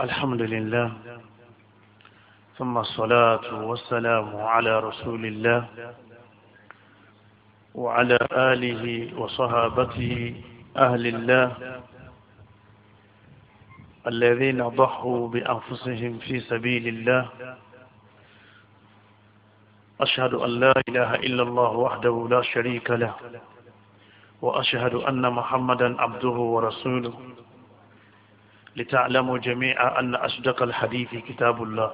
الحمد لله ثم الصلاة والسلام على رسول الله وعلى آله وصحابته أهل الله الذين ضحوا بأنفسهم في سبيل الله أشهد أن لا إله إلا الله وحده لا شريك له وأشهد أن محمدا عبده ورسوله لتعلموا جميعا أن أصدق الحديث كتاب الله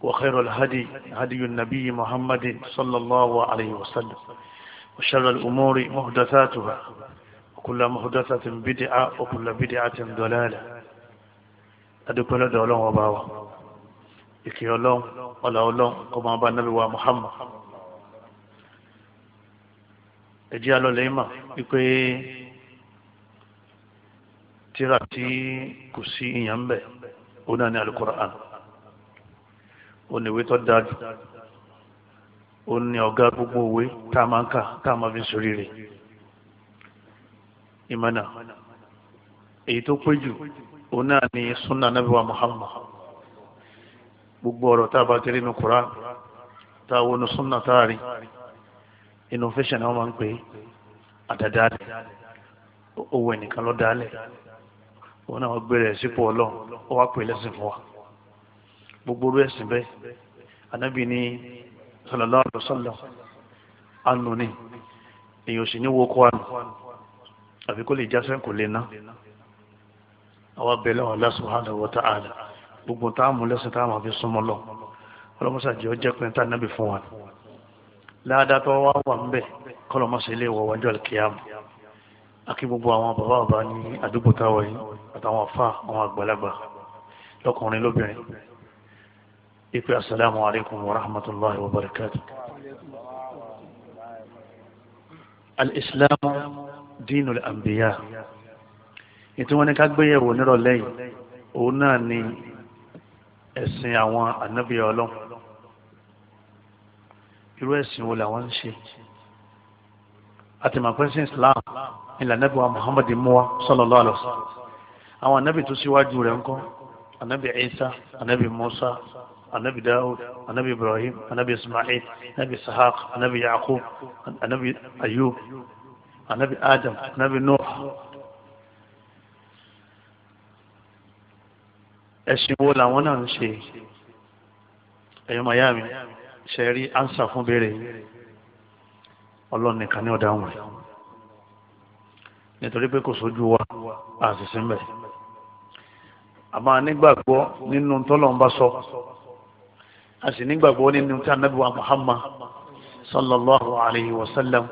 وخير الهدي هدي النبي محمد صلى الله عليه وسلم وشر الأمور محدثاتها وكل محدثة بدعة وكل بدعة ضلالة أدخل دولون وباوا إكيولون ولولون كما بان نبي محمد إجيالو ليما إكوي tíra tí kò sí ìyàn ń bẹ̀ ó náà ní alukur'an ó ní ìwé tó dájú ó ní ọ̀gá gbogbo ìwé tá a máa ń kà tá a máa fi sórí rẹ̀ ìmọ̀nà èyí tó pé jù ó náà ní sunna nabi wa muhammad gbogbo ọ̀rọ̀ tá a bá kiri ní kur'an tá a wọnú sunna tá a rí innovation àwọn máa ń pè é àdàdà owó ẹnìkan lọ́ọ́ dálẹ̀ òun náà wọ́n gbé rẹ̀ sípò ọlọ́run ó wá pè lẹ́sìn fún wa gbogbo orú ẹ̀sìn bẹ́ẹ̀ anábì ní sallallahu alaihi wasallam àánú ni èèyàn sì ní wo kó àánú àbí kó lè jásẹ́ kò lè ná àwa bẹ̀ lọ́wọ́ Allah subhanahu wa ta'ala gbogbo táàmù lẹ́sìn táàmù àfi súnmọ́ lọ ọlọ́mọsàjì ọjọ́ pé tá nábì fún wa láàdá tó wá wà ń bẹ̀ kọ́lọ́mọsẹ̀ ilé ìwọ̀ wájú àlùkìyàmù àkí gbogbo àwọn bàbá bàbá ní àdúgbò táwa yìí àtàwọn afá àwọn àgbàlagbà lọkùnrin lóbìnrin ìpè asalaamu alaykum wa rahmatulahi wa barakatu. al-islam diinu al-anbiya wọn ni ká gbé yẹ̀wò nírọ̀lẹ́ yìí òun náà ni ẹ̀sìn àwọn ànábì Ọlọ́run irú ẹ̀sìn wo làwọn ń ṣe àtìmọ̀pẹ́sìn Islam ìlànà bí wa Muhammad mú wa sallallahu alaihi wasallam àwọn anabi tó síwájú rẹ̀ ńkọ́ anabi Isa anabi Musa anabi Dawud anabi Ibrahim anabi Ismail anabi Ishaq anabi Yaqub anabi Ayub anabi Adam anabi Nuh ẹ̀sìn wo làwọn náà ń ṣe ẹ̀yọ́ miami ṣe rí ansa fún béèrè yìí ní ọ̀dà wọn nítorí pé kò sójú wa à ń sísìn bẹ́ẹ̀ àmọ́ nígbàgbọ́ nínú tọ́lọ́mbà sọ a sì nígbàgbọ́ nínú tí anabi wa muhammad sallallahu alayhi wa sallam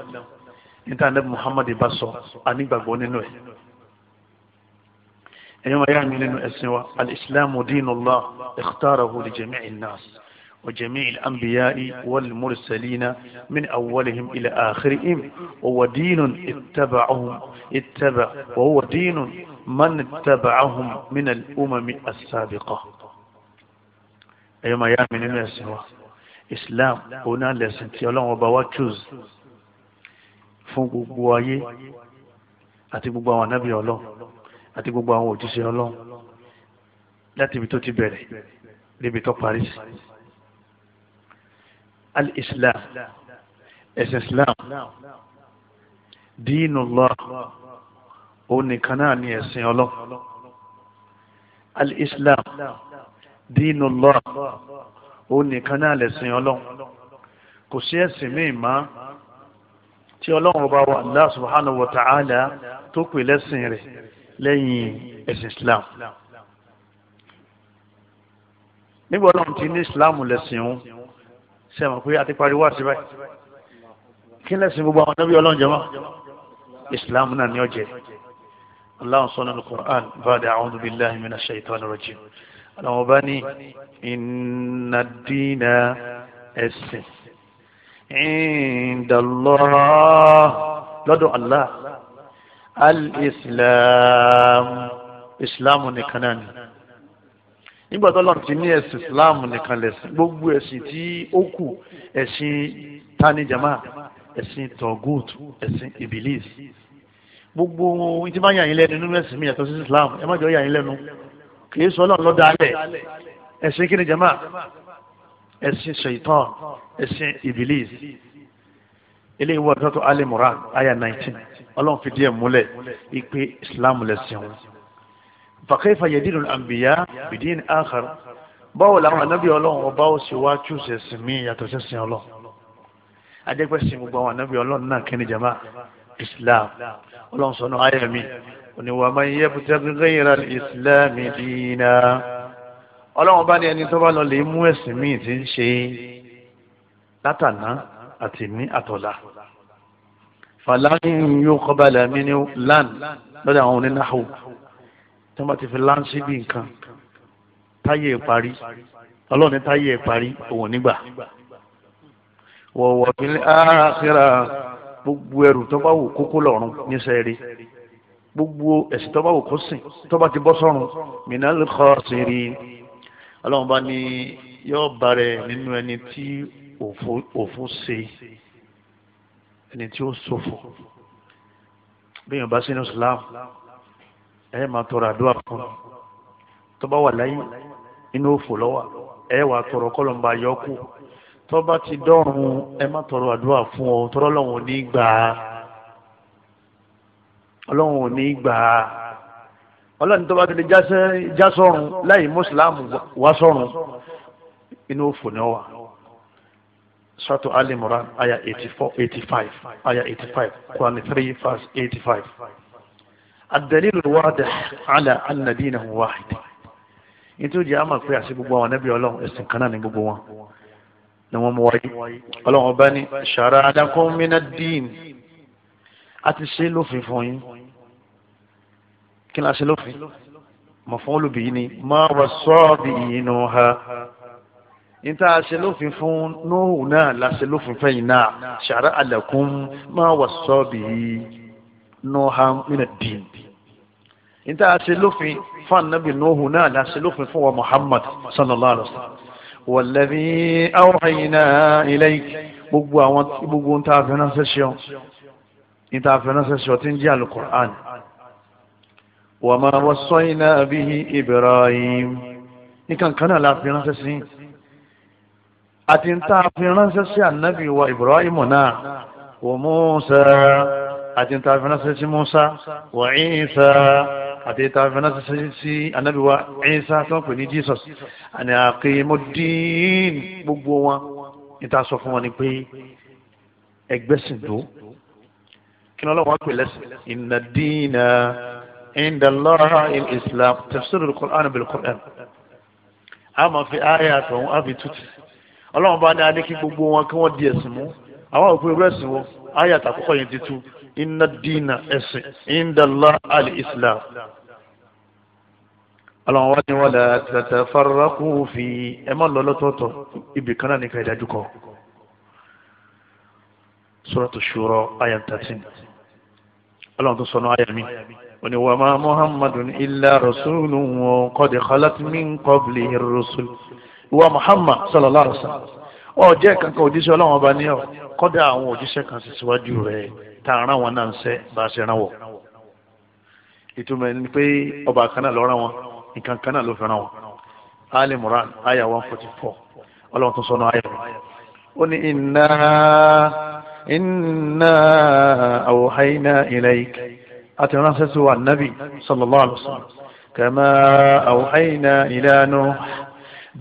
níta anabi muhammad bá sọ a nígbàgbọ́ nínú ẹ̀ ẹ̀yọ́n ayé mi nínú ẹ̀sìn wa al-islamu dinullah ikhtarahu li jami'in nas. وجميع الأنبياء والمرسلين من أولهم إلى آخرهم وهو دين اتبعهم اتبع وهو دين من اتبعهم من الأمم السابقة أيما يا من الناس Islam òun náà lẹ̀sìn tí ọlọ́run ọba wa choose fún gbogbo ayé àti gbogbo àwọn anábì ọlọ́run àti gbogbo àwọn òjíṣẹ́ ọlọ́run láti ibi tó ti bẹ̀rẹ̀ débi tó parí sí al-islam ẹ̀sìn islam dinullah òun nìkan náà ni ẹ̀sìn ọlọ́ al-islam dinullah òun nìkan náà lẹ̀sìn ọlọ́ kò sí ẹ̀sìn míì máa tí ọlọ́run ọba wa Allah subhanahu wa ta'ala tó pè lẹ́sìn rẹ̀ lẹ́yìn ẹ̀sìn islam nígbà ọlọ́run ti ní islam lẹ́sìn òun ṣe àmọ̀ pé a ti parí wá sí báyìí kí lẹ́sìn gbogbo àwọn nábì ọlọ́run jẹ́mọ́ islam náà ni ó jẹ́ aláwọn sọ́nà alukur'an bàdà àwọn ọdún bíi láàmì náà ṣèyí tọ́lá rọ̀jì àwọn ọba ní iná ẹ̀sìn ìdàlọ́ lọ́dọ̀ allah al-islam islam nìkan náà ni nígbà tó lọ́n ti ní ẹ̀sìn islam nìkan lẹ̀sìn gbogbo ẹ̀sìn tí ó kù ẹ̀sìn tanijama ẹ̀sìn togut ẹ̀sìn ibilis gbogbo ohun tí máa yà yín lẹ́nu nínú ẹ̀sìn mi yàtọ̀ sí islam ẹ má jọ yà yín lẹ́nu kì í sọ ọlọ́run lọ́dọ̀ alẹ̀ ẹ̀sìn kí ni jama ẹ̀sìn shaitan ẹ̀sìn ibilis eléyìí wọ́n tó tó alimura aya nineteen ọlọ́run fi díẹ̀ múlẹ̀ ipe islam lẹ̀sìn wọn fàkẹ́fà yẹ̀dínú àmbìyá bìdín àkàr báwo làwọn anábì ọlọ́run ọba ó sì wá túṣe sinmi yàtọ̀ sí sin ọlọ́run ajẹ́pẹ́ sin gbogbo àwọn anábì ọlọ́run náà kẹ́ni jama islam ọlọ́run sọ̀nà ayé mi oníwà máa ń yẹ bùtẹ́bí gẹ́yìnrà islam dínà ọlọ́run bá ní ẹni tó bá lọ lè mú ẹ̀sìn míì ti ń ṣe látàná àti ní àtọ̀là fàlàyé yóò kọ́ balẹ̀ mí ní lan lọ́dọ̀ àwọn onínáhùn tí wọ́n bá ti fi láǹsì bí nǹkan táyé parí ọlọ́run ní táyé parí òun nígbà wọ̀wọ̀ ìpínlẹ̀ àṣírà gbogbo ẹrù tó bá wù kókó lọ́rùn níṣẹ́ rí gbogbo ẹ̀sìn tó bá wù kó sìn tó bá ti bọ́ sọ́run mìíràn lè kọ́ sí rí ọlọ́run bá ní yọ bàrẹ̀ nínú ẹni tí òfò ṣe ẹni tí ó ṣòfò bí yóò sínú Islam ẹ máa tọrọ àdúrà fún tọba wà láyé inú òfò lọ́wọ́ ẹ wà tọrọ kọlọ́mbà yọkù ti dọ́rùn ẹ má tọrọ àdúrà fún ọ tọrọ lọ́wọ́ ní gbà á ọlọ́run ní gbà á ti já sọ́run láì mùsùlùmù wá sọ́run inú òfò ni ọ aya eighty aya eighty five three ad-dalil al-wadih ala anna dinahum wahid nítorí jẹ́ àmà pé àṣẹ gbogbo àwọn ànábì ọlọ́run ẹ̀sìn kan náà ní gbogbo wọn ni wọ́n mú wáyé ọlọ́run ọba ní shara'a lakum min ad-din a ti ṣe lófin fún yín kí ni a ṣe lófin maf'ulu bihi ni ma wassa bihi Nuha níta ṣe lófin fún Nuhu náà la ṣe lófin fẹ́yìn náà shara'a lakum ma wassa bihi nuhan mina diin nta a ṣe lófin fún anabi nuhu náà la ṣe lófin fún wa muhammad sallallahu alaihi wa sallam wàlẹ́bí awhayna ilayk gbogbo àwọn gbogbo nta afẹ́ránṣẹ́ ṣeun nta afẹ́ránṣẹ́ ṣeun ti ń jẹ́ alukur'an wa ma wassayna bihi ibrahim nìkan kan náà la fi ránṣẹ́ àti nta afẹ́ránṣẹ́ sí anabi wa ibrahim náà wa musa àti ń ta fẹ́ránṣẹ́ sí Musa wà Ìsá àti ta fẹ́ránṣẹ́ sí anábì wa Ìsá tó ń pè ní Jesus àni àkèémọ́dín gbogbo wọn níta sọ fún wọn ni pé ẹgbẹ́sìn tó kí ni ọlọ́wọ́ pè lẹ́sìn ìnàdínà ìndàlọ́ra ìsìlám tafsirul Qur'an bil Qur'an a máa fi àyà àtọ̀hún á fi tútù ọlọ́wọ́n bá ní adé kí gbogbo wọn kí wọ́n di ẹ̀sìn mú àwọn òpin irú ẹ̀sìn wo àyà àtàkùkọ yẹn ti tú inna dina ẹ̀sìn indala al-islam aláwọn wá ní wọn là tàtà farakú fi ẹ má lọ lọ́tọ̀ọ̀tọ̀ ibì kan náà nìkan ìdájú kọ suratu shura ayam thirteen aláwọn tó sọnù ayam mi wọn ni wà má muhammadun illa rasulun wọn qad khalat min qablihi ar wa muhammad sallallahu alaihi wa sallam ọ jẹ́ kankan òjíṣẹ́ ọlọ́wọ́n ọba ní ọ kọ́dà àwọn òjíṣẹ́ kan sì síwájú rẹ̀ tá a rán wọn náà ń sẹ́ bá a ṣe rán wọ̀ ìtumọ̀ ẹni pé ọba kan náà ló rán wọn nǹkan kan náà ló fi rán wọn ali moran aya one forty four ọlọ́run tó sọnù aya ó ní inna inna awhayna ilayk àti ránṣẹ́ sí wa nabi sallallahu alayhi wa sallam kama awhayna ila nuh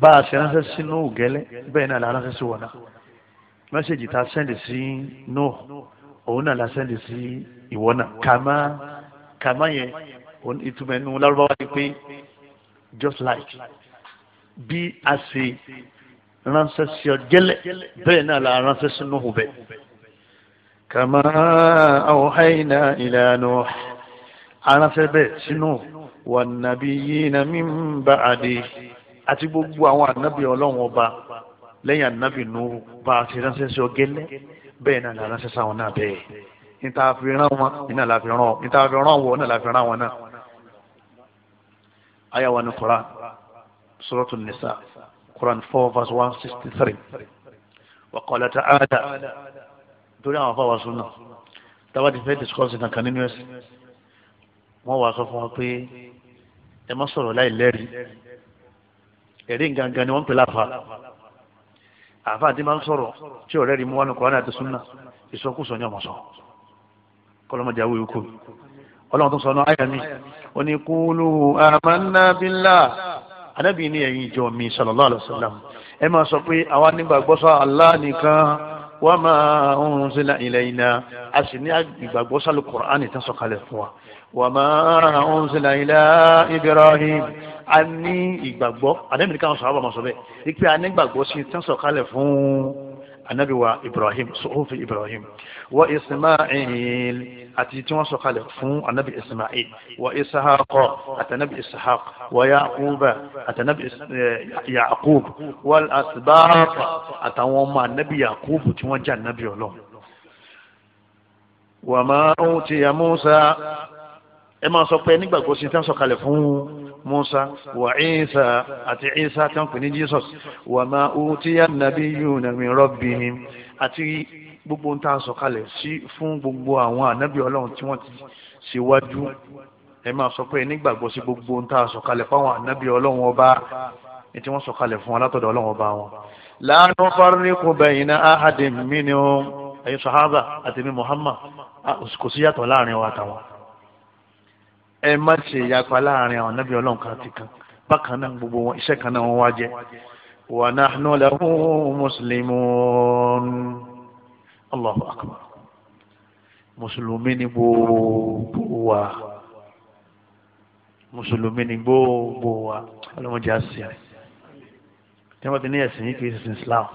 bá a ṣe ránṣẹ́ sínú gẹ́lẹ́ bẹ́ẹ̀ náà la ránṣẹ́ sí wa náà mẹ́sẹ̀gì tá a sẹ́ndì sí Nuh òun náà la sẹ́ndì sí ìwọ náà kàmá kàmá yẹn ìtumọ̀ ẹnu lárúbáwá ni pé just like bí a ṣe ránṣẹ́ sí ọ gẹ́lẹ́ bẹ́ẹ̀ náà la ránṣẹ́ sí Nuh bẹ́ẹ̀. kàmá awhayna ila Nuh aránṣẹ́ bẹ́ẹ̀ sí Nuh wan nabiyyina min ba'di àti gbogbo àwọn ànábì ọlọ́run ọba lẹ́yìn ànábì nù bá a ti ránṣẹ́ sí ọ gẹ́lẹ́ bẹ́ẹ̀ náà la ránṣẹ́ sáwọn náà bẹ́ẹ̀ níta fi rán wọn iná la fi rán wọn níta fi rán wọn iná la fi rán wọn náà. aya wa ni Quran surat nisa Quran four verse one sixty three wa qala ta'ala torí àwọn afáwà sunna táwa ti fẹ́ discourse kankan nínú ẹ̀sìn wọ́n wàá sọ fún wa pé ẹ má sọ̀rọ̀ láì lẹ́rìí ẹ̀rí gangan ni wọ́n pè láfa àfa àti máa ń sọ̀rọ̀ tí ọ̀rẹ́ rí mú wánu kọ́ra àti súnà ìsọkúsọ ní ọmọ sọ kọlọmọdé awo ikú ọlọ́run tó sọ náà àyà mi ó ní kúlù àmàna bílà anábì ní ẹ̀yin ìjọ mi sallallahu alaihi wasallam ẹ máa sọ pé àwa nígbàgbọ́ sọ Allah nìkan wa ma unzila ilayna a sì ní ìgbàgbọ́ sálù Qur'an ìtàn sọ̀kalẹ̀ fún wa wa ma unzila ila Ibrahim a ní ìgbàgbọ́ ànábì ní káwọn sọ̀rọ̀ àbámọ̀ sọ bẹ́ẹ̀ wípé a ní ìgbàgbọ́ sí tán sọ̀kalẹ̀ fún ànábì wa ibrahim sọ̀hófì ibrahim wa ismail àti tí wọ́n sọ̀kalẹ̀ fún ànábì ismail wa ishaq àtànábì ishaq wa yaquba àtànábì eh, yaqub wal asbaq àtàwọn ọmọ ànábì yaqub tí wọ́n jẹ́ ànábì ọlọ́run wàmà ohun ti yà musa ẹ máa sọ pé nígbàgbọ́ sí tán sọ̀kalẹ̀ fún musa wa isa àti isa tí wọ́n pè ní jesus wa ma utiya nabiyuna min rabbihim àti gbogbo ń tà sọ̀kalẹ̀ sí fún gbogbo àwọn ànábì ọlọ́run tí wọ́n ti ṣíwájú ẹ máa sọ pé nígbàgbọ́ sí gbogbo ń tà sọ̀kalẹ̀ fáwọn ànábì ọlọ́run ọba tí wọ́n sọ̀kalẹ̀ fún alátọ̀dọ̀ ọlọ́run ọba wọn. la nufarriqu bayna ahadin minhum ẹ̀yin sahaba àti mi muhammad kò sí yàtọ̀ láàrin wa àtàwọn ẹ má ṣe ìyapa láàrin àwọn nábì ọlọ́run kan ti kan bákan náà gbogbo wọn iṣẹ́ kan náà wọ́n wá jẹ́ wa nahnu lahu muslimun allahu akbar mùsùlùmí ni gbogbo wa mùsùlùmí ni gbogbo wa ọlọ́mọdé àṣìṣe rẹ̀ tí wọ́n ti ní ẹ̀sìn yìí kìí ṣẹ̀sìn islam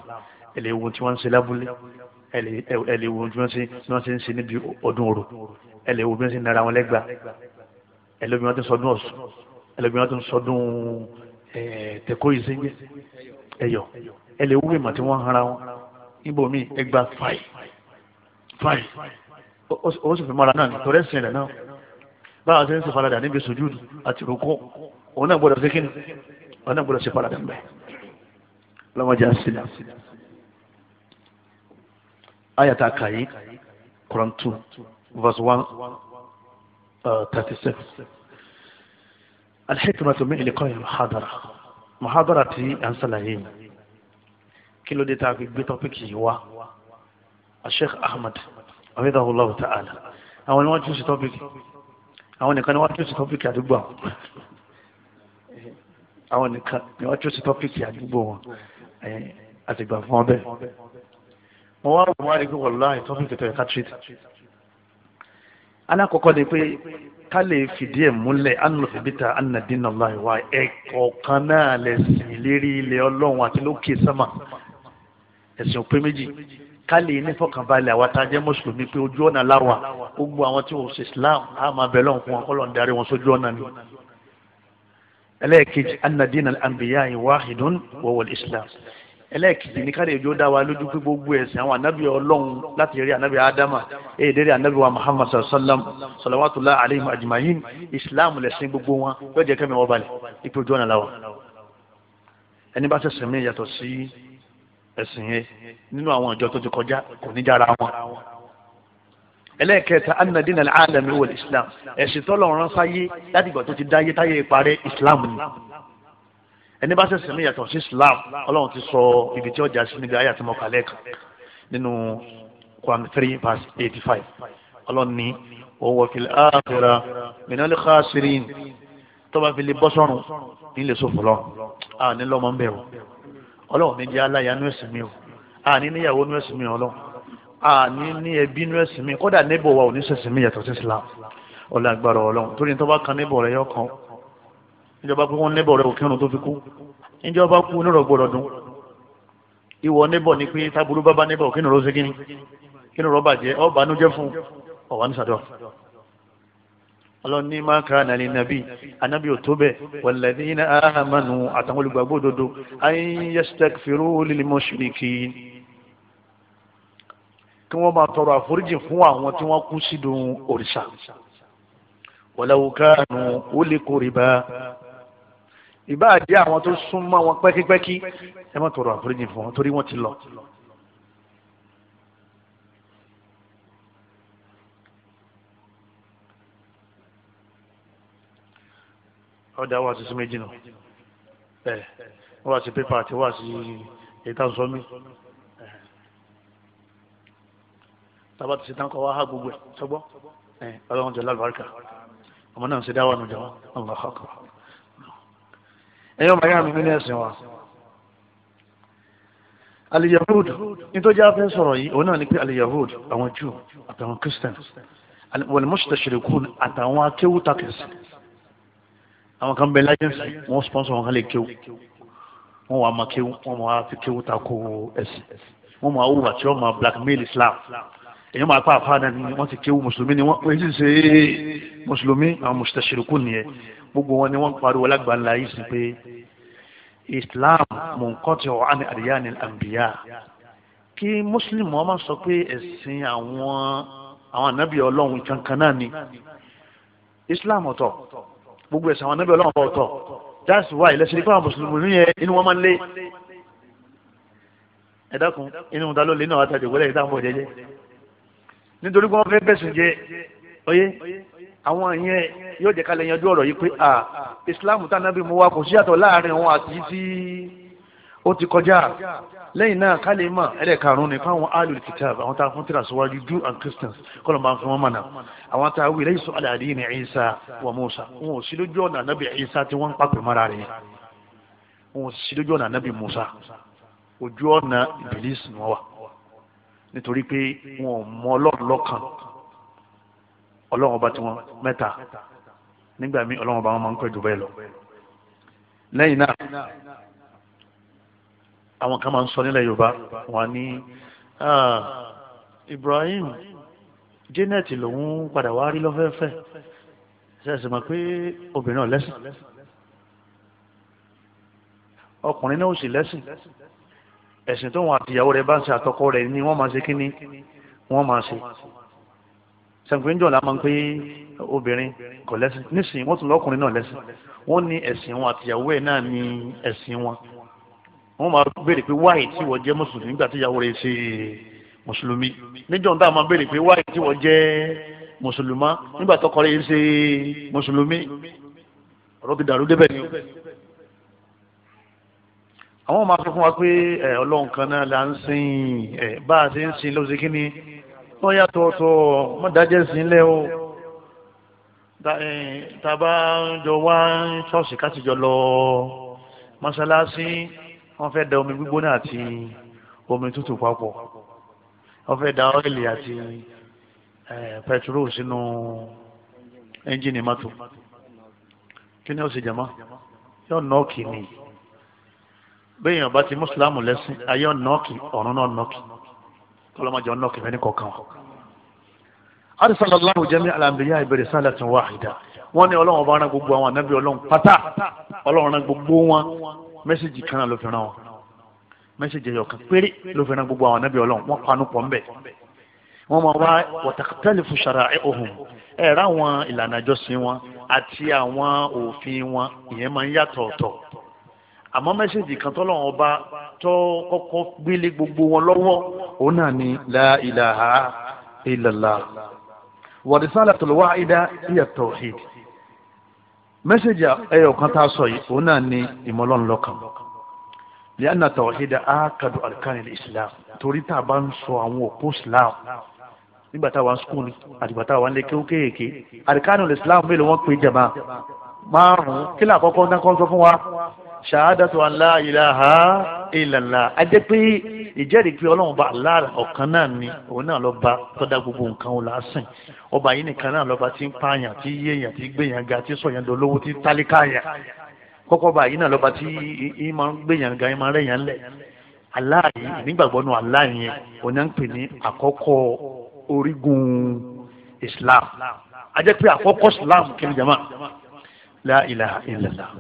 ẹ̀lẹ́wọ̀n tí wọ́n ń ṣe lábúlé ẹ̀lẹ́wọ̀n tí wọ́n ń ṣe níbi ọdún orò ẹ̀lẹ́wọ̀n tí wọ́n ṣe nara wọn lẹ́gbàá ẹlẹ́bí wọn ti sọdún ọ̀sùn ẹlẹ́bí wọn ti sọdún tẹ̀kọ́ ìsẹ́yẹ ẹ̀yọ ẹlẹ́ wúwo ìmọ̀ tí wọ́n hara wọn níbo mi ẹgbà fàì fàì ó sì fi mọ́ra náà nítorí ẹ̀sìn rẹ̀ náà báwa ṣe ń ṣèfaradà níbi sùjúdù àti rúkọ́ òun náà gbọ́dọ̀ ṣe kí òun náà gbọ́dọ̀ ṣèfaradà ń bẹ̀ lọ́mọdé àṣìlá ayàtà kàyí kọ́ńtù verse one 37 alhikmatu min liqa'i muhadara muhadara ti an salaye kí ló dé tá a fi gbé tọ́píkì yìí wá asheikh ahmed abidahullahu ta'ala àwọn ni wọ́n tún sí tọ́píkì àwọn nìkan ni wọ́n tún sí tọ́píkì àdúgbò àwọn àwọn nìkan ni wọ́n tún sí tọ́píkì àdúgbò wọn àtìgbà fún ọbẹ̀ wọ́n wá wọ́n wá rí pé wọ́n láì tọ́píkì tó yẹ ká tírítì alákọ̀ọ́kọ́ ni pé ká lè fìdí ẹ̀ múlẹ̀ anulọ̀fẹ̀bíta anadina láìwá ẹ̀kọ̀ọ̀kan náà lẹ̀sìn lérí ilẹ̀ ọlọ́run àti lókè sámà ẹ̀sìn òpé méjì ká lè ní fọkànbalẹ̀ àwa tá a jẹ́ mùsùlùmí pé ojú ọ̀nà láwà gbogbo àwọn tí wọ́n ṣe islam á máa bẹ̀ lọ́hùn fún wọn kọ́ lọ́n darí wọn sójú ọ̀nà ni. ẹlẹ́ẹ̀kejì anadina anbiya wahidun wọ́wọ́ islam ẹlẹ́ẹ̀kejì ní káde ìjọ dá wa lójú pé gbogbo ẹ̀sìn àwọn anábì ọlọ́run láti rí anábì ádámà èdèrè anábì wa muhammad sallam salawatullah alayhi ajma'in islam lẹ̀sìn gbogbo wọn yóò jẹ́ kẹ́mi wọn balẹ̀ ipò ojú ọ̀nà làwọn. ẹni bá ṣẹ̀ṣẹ̀ mí yàtọ̀ sí ẹ̀sìn yẹn nínú àwọn ìjọ tó ti kọjá kò ní jára wọn. ẹlẹ́ẹ̀kẹta anna dina alami wal islam ẹ̀sìn tọ́lọ́run sáyé láti ìgbà tó ti dáyé táyé ìparẹ́ islam ni ẹni bá ṣẹ̀sìn mi yàtọ̀ sí Islam ọlọ́run ti sọ ibi tí ọjà sí níbi ayé àtìmọ́ kalẹ́ kan nínú Quran three verse eighty five ọlọ́run ni òun wọ̀ fìlẹ̀ áàfẹ́ra mìíràn khasirin tọ́ba fi lè bọ́ sọ́run nílé sọ́fù lọ́run a ní lọ́mọ ń bẹ̀rù ọlọ́run ní jẹ́ aláya nú ẹ̀sìn mi o a ní níyàwó nú ẹ̀sìn mi ọlọ́run a ní ní ẹbí nú ẹ̀sìn mi kódà níbọ̀ wa ò ní ṣẹ̀sìn mi yàtọ̀ sí Islam ọlọ́run agbára ọlọ́run torí tọ́ba kan níbọ̀ rẹ̀ yọ kan ìjọba pé wọ́n nẹ́bọ̀ rẹ̀ òkèrún tó fi kú ìjọba kú onírọ̀gbọ̀rọ̀ dùn ìwọ nẹ́bọ̀ ni pé táburú bábá nẹ́bọ̀ òkèrún ló ṣe kí ni kí ni rọ́bà jẹ́ ọba nújẹ́ fún ọ̀wá ní sàdọ̀ ọlọ́ni máa ka nàlẹ́ nàbí anábì ò tó bẹ́ẹ̀ wàlẹ́dí iná àmànù àtàwọn olùgbàgbọ́ òdodo ayéyẹsítẹ́k fèrú lílì mọ́ṣíríkì kí wọ́n máa tọrọ àforíjì fún àwọn tí wọ́n kú sídùn òrìṣà wàlẹ́wò ìbáà jẹ́ àwọn tó sún mọ́ wọn pẹ́kípẹ́kí ẹ má tọrọ àforíjì fún wọn torí wọ́n ti lọ. ọ̀dà wà sí méjì nù ẹ̀ wà sí pépà àti wà sí ètò sọmi tábà ti ṣetán kọ́ wá há gbogbo ẹ̀ sọ́gbọ́ ọlọ́run jọ lálùbáríkà ọmọ náà ń ṣe dáwà nù jọ wọn ọlọ́run ẹ̀yọ́ màyà mi nínú ẹ̀sìn wa. aliyahud nítorí afẹ́ sọ̀rọ̀ yìí òun náà ni pé aliyahud àwọn jù àtàwọn christian wọ́n mustashirikun àtàwọn akéwù takẹ́sì àwọn kan bẹ lájẹ́sì wọ́n sponsor wọn kan lè kéwù wọ́n wà á kéwù wọ́n máa fi kéwù takò ẹ̀sìn wọ́n máa wù àti wọ́n máa blackmail islam èyàn máa pa àfáàdà ni wọ́n ti kéwu mùsùlùmí ni wọ́n wọ́n ti ṣe mùsùlùmí àwọn mùsùtàṣirikù nìyẹn gbogbo wọn ni wọ́n pariwo lágbàlá yìí sí pé islam mọ̀nkọ́tì ọ̀hán àríyáni àmbíyá kí mùsùlùmí wọn máa sọ pé ẹ̀sìn àwọn àwọn ànábì ọlọ́run kankan náà ni islam ọ̀tọ̀ gbogbo ẹ̀sìn àwọn ànábì ọlọ́run ọ̀tọ̀ that's why lẹ́sìn nípa àwọn mùsùlùmí yẹn inú wọn máa ń lé ẹ̀dákun inú ta náà wá tajà wọlé nítorí pé wọ́n fẹ́ bẹ̀sùn jẹ oyé àwọn yẹn yóò jẹ́ ká lè yanjú ọ̀rọ̀ yìí pé à ìsìláàmù tá nábì mú wa kò sí àtọ̀ láàrin òun àti tí ó ti kọjá lẹ́yìn náà ká lè mọ̀ ẹlẹ́karùn-ún ni fáwọn alul kitab àwọn tá a fún tírà síwájú Jew Christians kọ́ máa fún wọn mọ̀nà àwọn tá a wí lẹ́yìn sọ aláàdí ní Isa wa Musa wọn ò sí lójú ọ̀nà ànábì Isa tí wọ́n ń pàpè mọ́ra rẹ̀ wọn ò sí lójú ọ̀nà ànábì Musa ojú ọ̀nà Ìbílísì ni wọ́n wà nítorí pé wọn ò mọ ọlọ́run lọ́kàn ọlọ́run ọba tiwọn mẹ́ta nígbà míì ọlọ́run ọba wọn máa ń pẹ́ jù bẹ́ẹ̀ lọ. lẹ́yìn náà àwọn kan máa ń sọ nílẹ̀ yorùbá wọn ní Ibrahim Janet lòun padà wá rí lọ́fẹ́fẹ́ ṣẹ̀ṣẹ̀ mọ̀ pé obìnrin ò lẹ́sìn ọkùnrin náà ò sì lẹ́sìn ẹ̀sìn tó wọn àtìyàwó rẹ̀ bá ń ṣe àtọkọ rẹ̀ ni wọ́n máa ṣe kínní wọ́n máa ṣe sẹ̀ǹpéńjọ́ la máa ń pé obìnrin kò lẹ́sìn nísìnyí wọ́n tún lọ́kùnrin náà lẹ́sìn wọ́n ní ẹ̀sìn wọn àtìyàwó ẹ̀ náà ní ẹ̀sìn wọn wọ́n máa béèrè pé wáyé tí wọ́n jẹ́ mùsùlùmí nígbà tíyàwó rẹ̀ ṣe mùsùlùmí níjọ́ ń dá máa béèrè pé wáyé tí wọ́n jẹ́ mùsùlùmá nígbà tọkọ rẹ̀ ṣe mùsùlùmí ọ̀rọ̀ ti dàrú débẹ̀ ni o àwọn máa sọ fún wa pé ẹ ọlọ́run kan náà là ń sìn ẹ bá a ṣe ń sìn ló ṣe kí ni wọ́n yàtọ̀ ọ̀tọ̀ wọ́n dájẹ́ sí ilẹ̀ o tàbá jọ wá ṣọ́ọ̀ṣì kátìjọ lọ mọ́ṣáláṣí wọ́n fẹ́ da omi gbígbóná àti omi tútù papọ̀ wọ́n fẹ́ da ọ́ìlì àti pẹtrol sínú ẹ́ńjìnì mọ́tò kí ni ó ṣe jàmá yóò nọ́ọ̀kì nìyí béèyàn bá ti mùsùlùmù lẹ́sìn ayé ọ̀nọ́ọ̀kì ọ̀run náà nọ́ọ̀kì kọlọ́mọdé ọ̀nọ́ọ̀kì fẹ́ni kọ̀ọ̀kan wọn. arísàlá aláwọ̀ jẹ́mi alàmìlíyà ìbẹ̀rẹ̀ sálà tí wọ́n àìdá wọ́n ní ọlọ́run bá rán gbogbo àwọn anábì ọlọ́run pátá ọlọ́run rán gbogbo wọn mẹ́sẹ̀gì kan náà ló fi rán wọn mẹ́sẹ̀gì ẹ̀yọ̀ kan péré ló fi rán gbogbo àwọn anábì ọlọ́run wọ́n panu pọ̀ ńbẹ̀ wọ́n máa wá wọ̀tàkítẹ́lifù ṣàrà ẹ̀ ọ̀hún ẹ̀rá àwọn ìlànà àjọsìn wọn àti àwọn òfin wọn ìyẹn máa ń yàtọ̀ ọ̀tọ̀ àmọ́ mẹ́sẹ̀gì kan tọ́lọ́run ọba tó kọ́kọ́ gbélé gbogbo wọn lọ́wọ́ òun náà ni la ilaha illallah wa risalatul wahida hiya tawhid mẹ́sẹ̀gì ẹyọ kan tá a sọ yìí òun náà ni ìmọ̀lọ́run lọ́kàn lianna tawhida akadu arkanil islam torí tá a bá ń sọ àwọn òpó islam nígbà tá a wà ń skul àdìgbà tá a wà ń lé kéwkéèké arkanil islam mélòó wọn pè jama márùn kí lè àkọ́kọ́ náà kọ́ sọ fún wa ṣahadatu an la ilaha illallah a jẹ́ pé ìjẹ́rìí pé ọlọ́run bá aláàrẹ ọ̀kan náà ni òun náà lọ́ba tọ́da gbogbo nǹkan òun lásìn ọba yìí nìkan náà lọ́ba tí ń pààyàn tí yéèyàn tí gbèyàn ga tí sọ̀yàn dolówó tí tálíkàyàn kọ́kọ́ bá yìí náà lọ́ba tí ìmọ̀ gbèyàn ga ìmọ̀ rẹ̀yàn lẹ̀ aláàyè nígbàgbọ́ nù aláàyè òun náà ń pè ní àkọ́kọ́ orígun Islam a pé àkọ́kọ́ Islam kí la ilaha illallah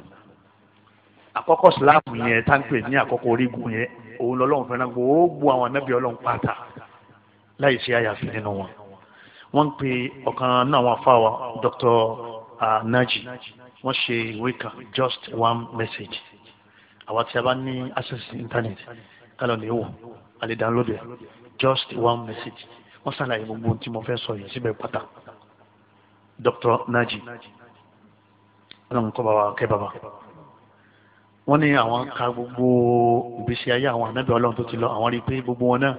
àkọ́kọ́ síláàbù yẹn táǹpẹ ní àkọ́kọ́ orígun yẹn òun lọ́lọ́run fẹ́ràn gbogbo àwọn anábìá Ọlọ́run pata. láì ṣe àyàfi nínú wọn wọ́n ń pe ọ̀kan náà wọn fáwa Dr. Ah, Naji wọ́n ṣe ìwé kan just one message àwa tí a bá ní access to internet kálọ̀ lè wò a download ẹ̀ just one message wọ́n ṣàlàyé gbogbo ohun tí mo fẹ́ sọ yìí síbẹ̀ pátá Dr. Naji ọlọ́run kọ́ bàbá kẹ́ bàbá wọ́n ní àwọn ka gbogbo ìgbésí ayé àwọn ànábì ọlọ́run tó ti lọ àwọn rí i pé gbogbo wọn náà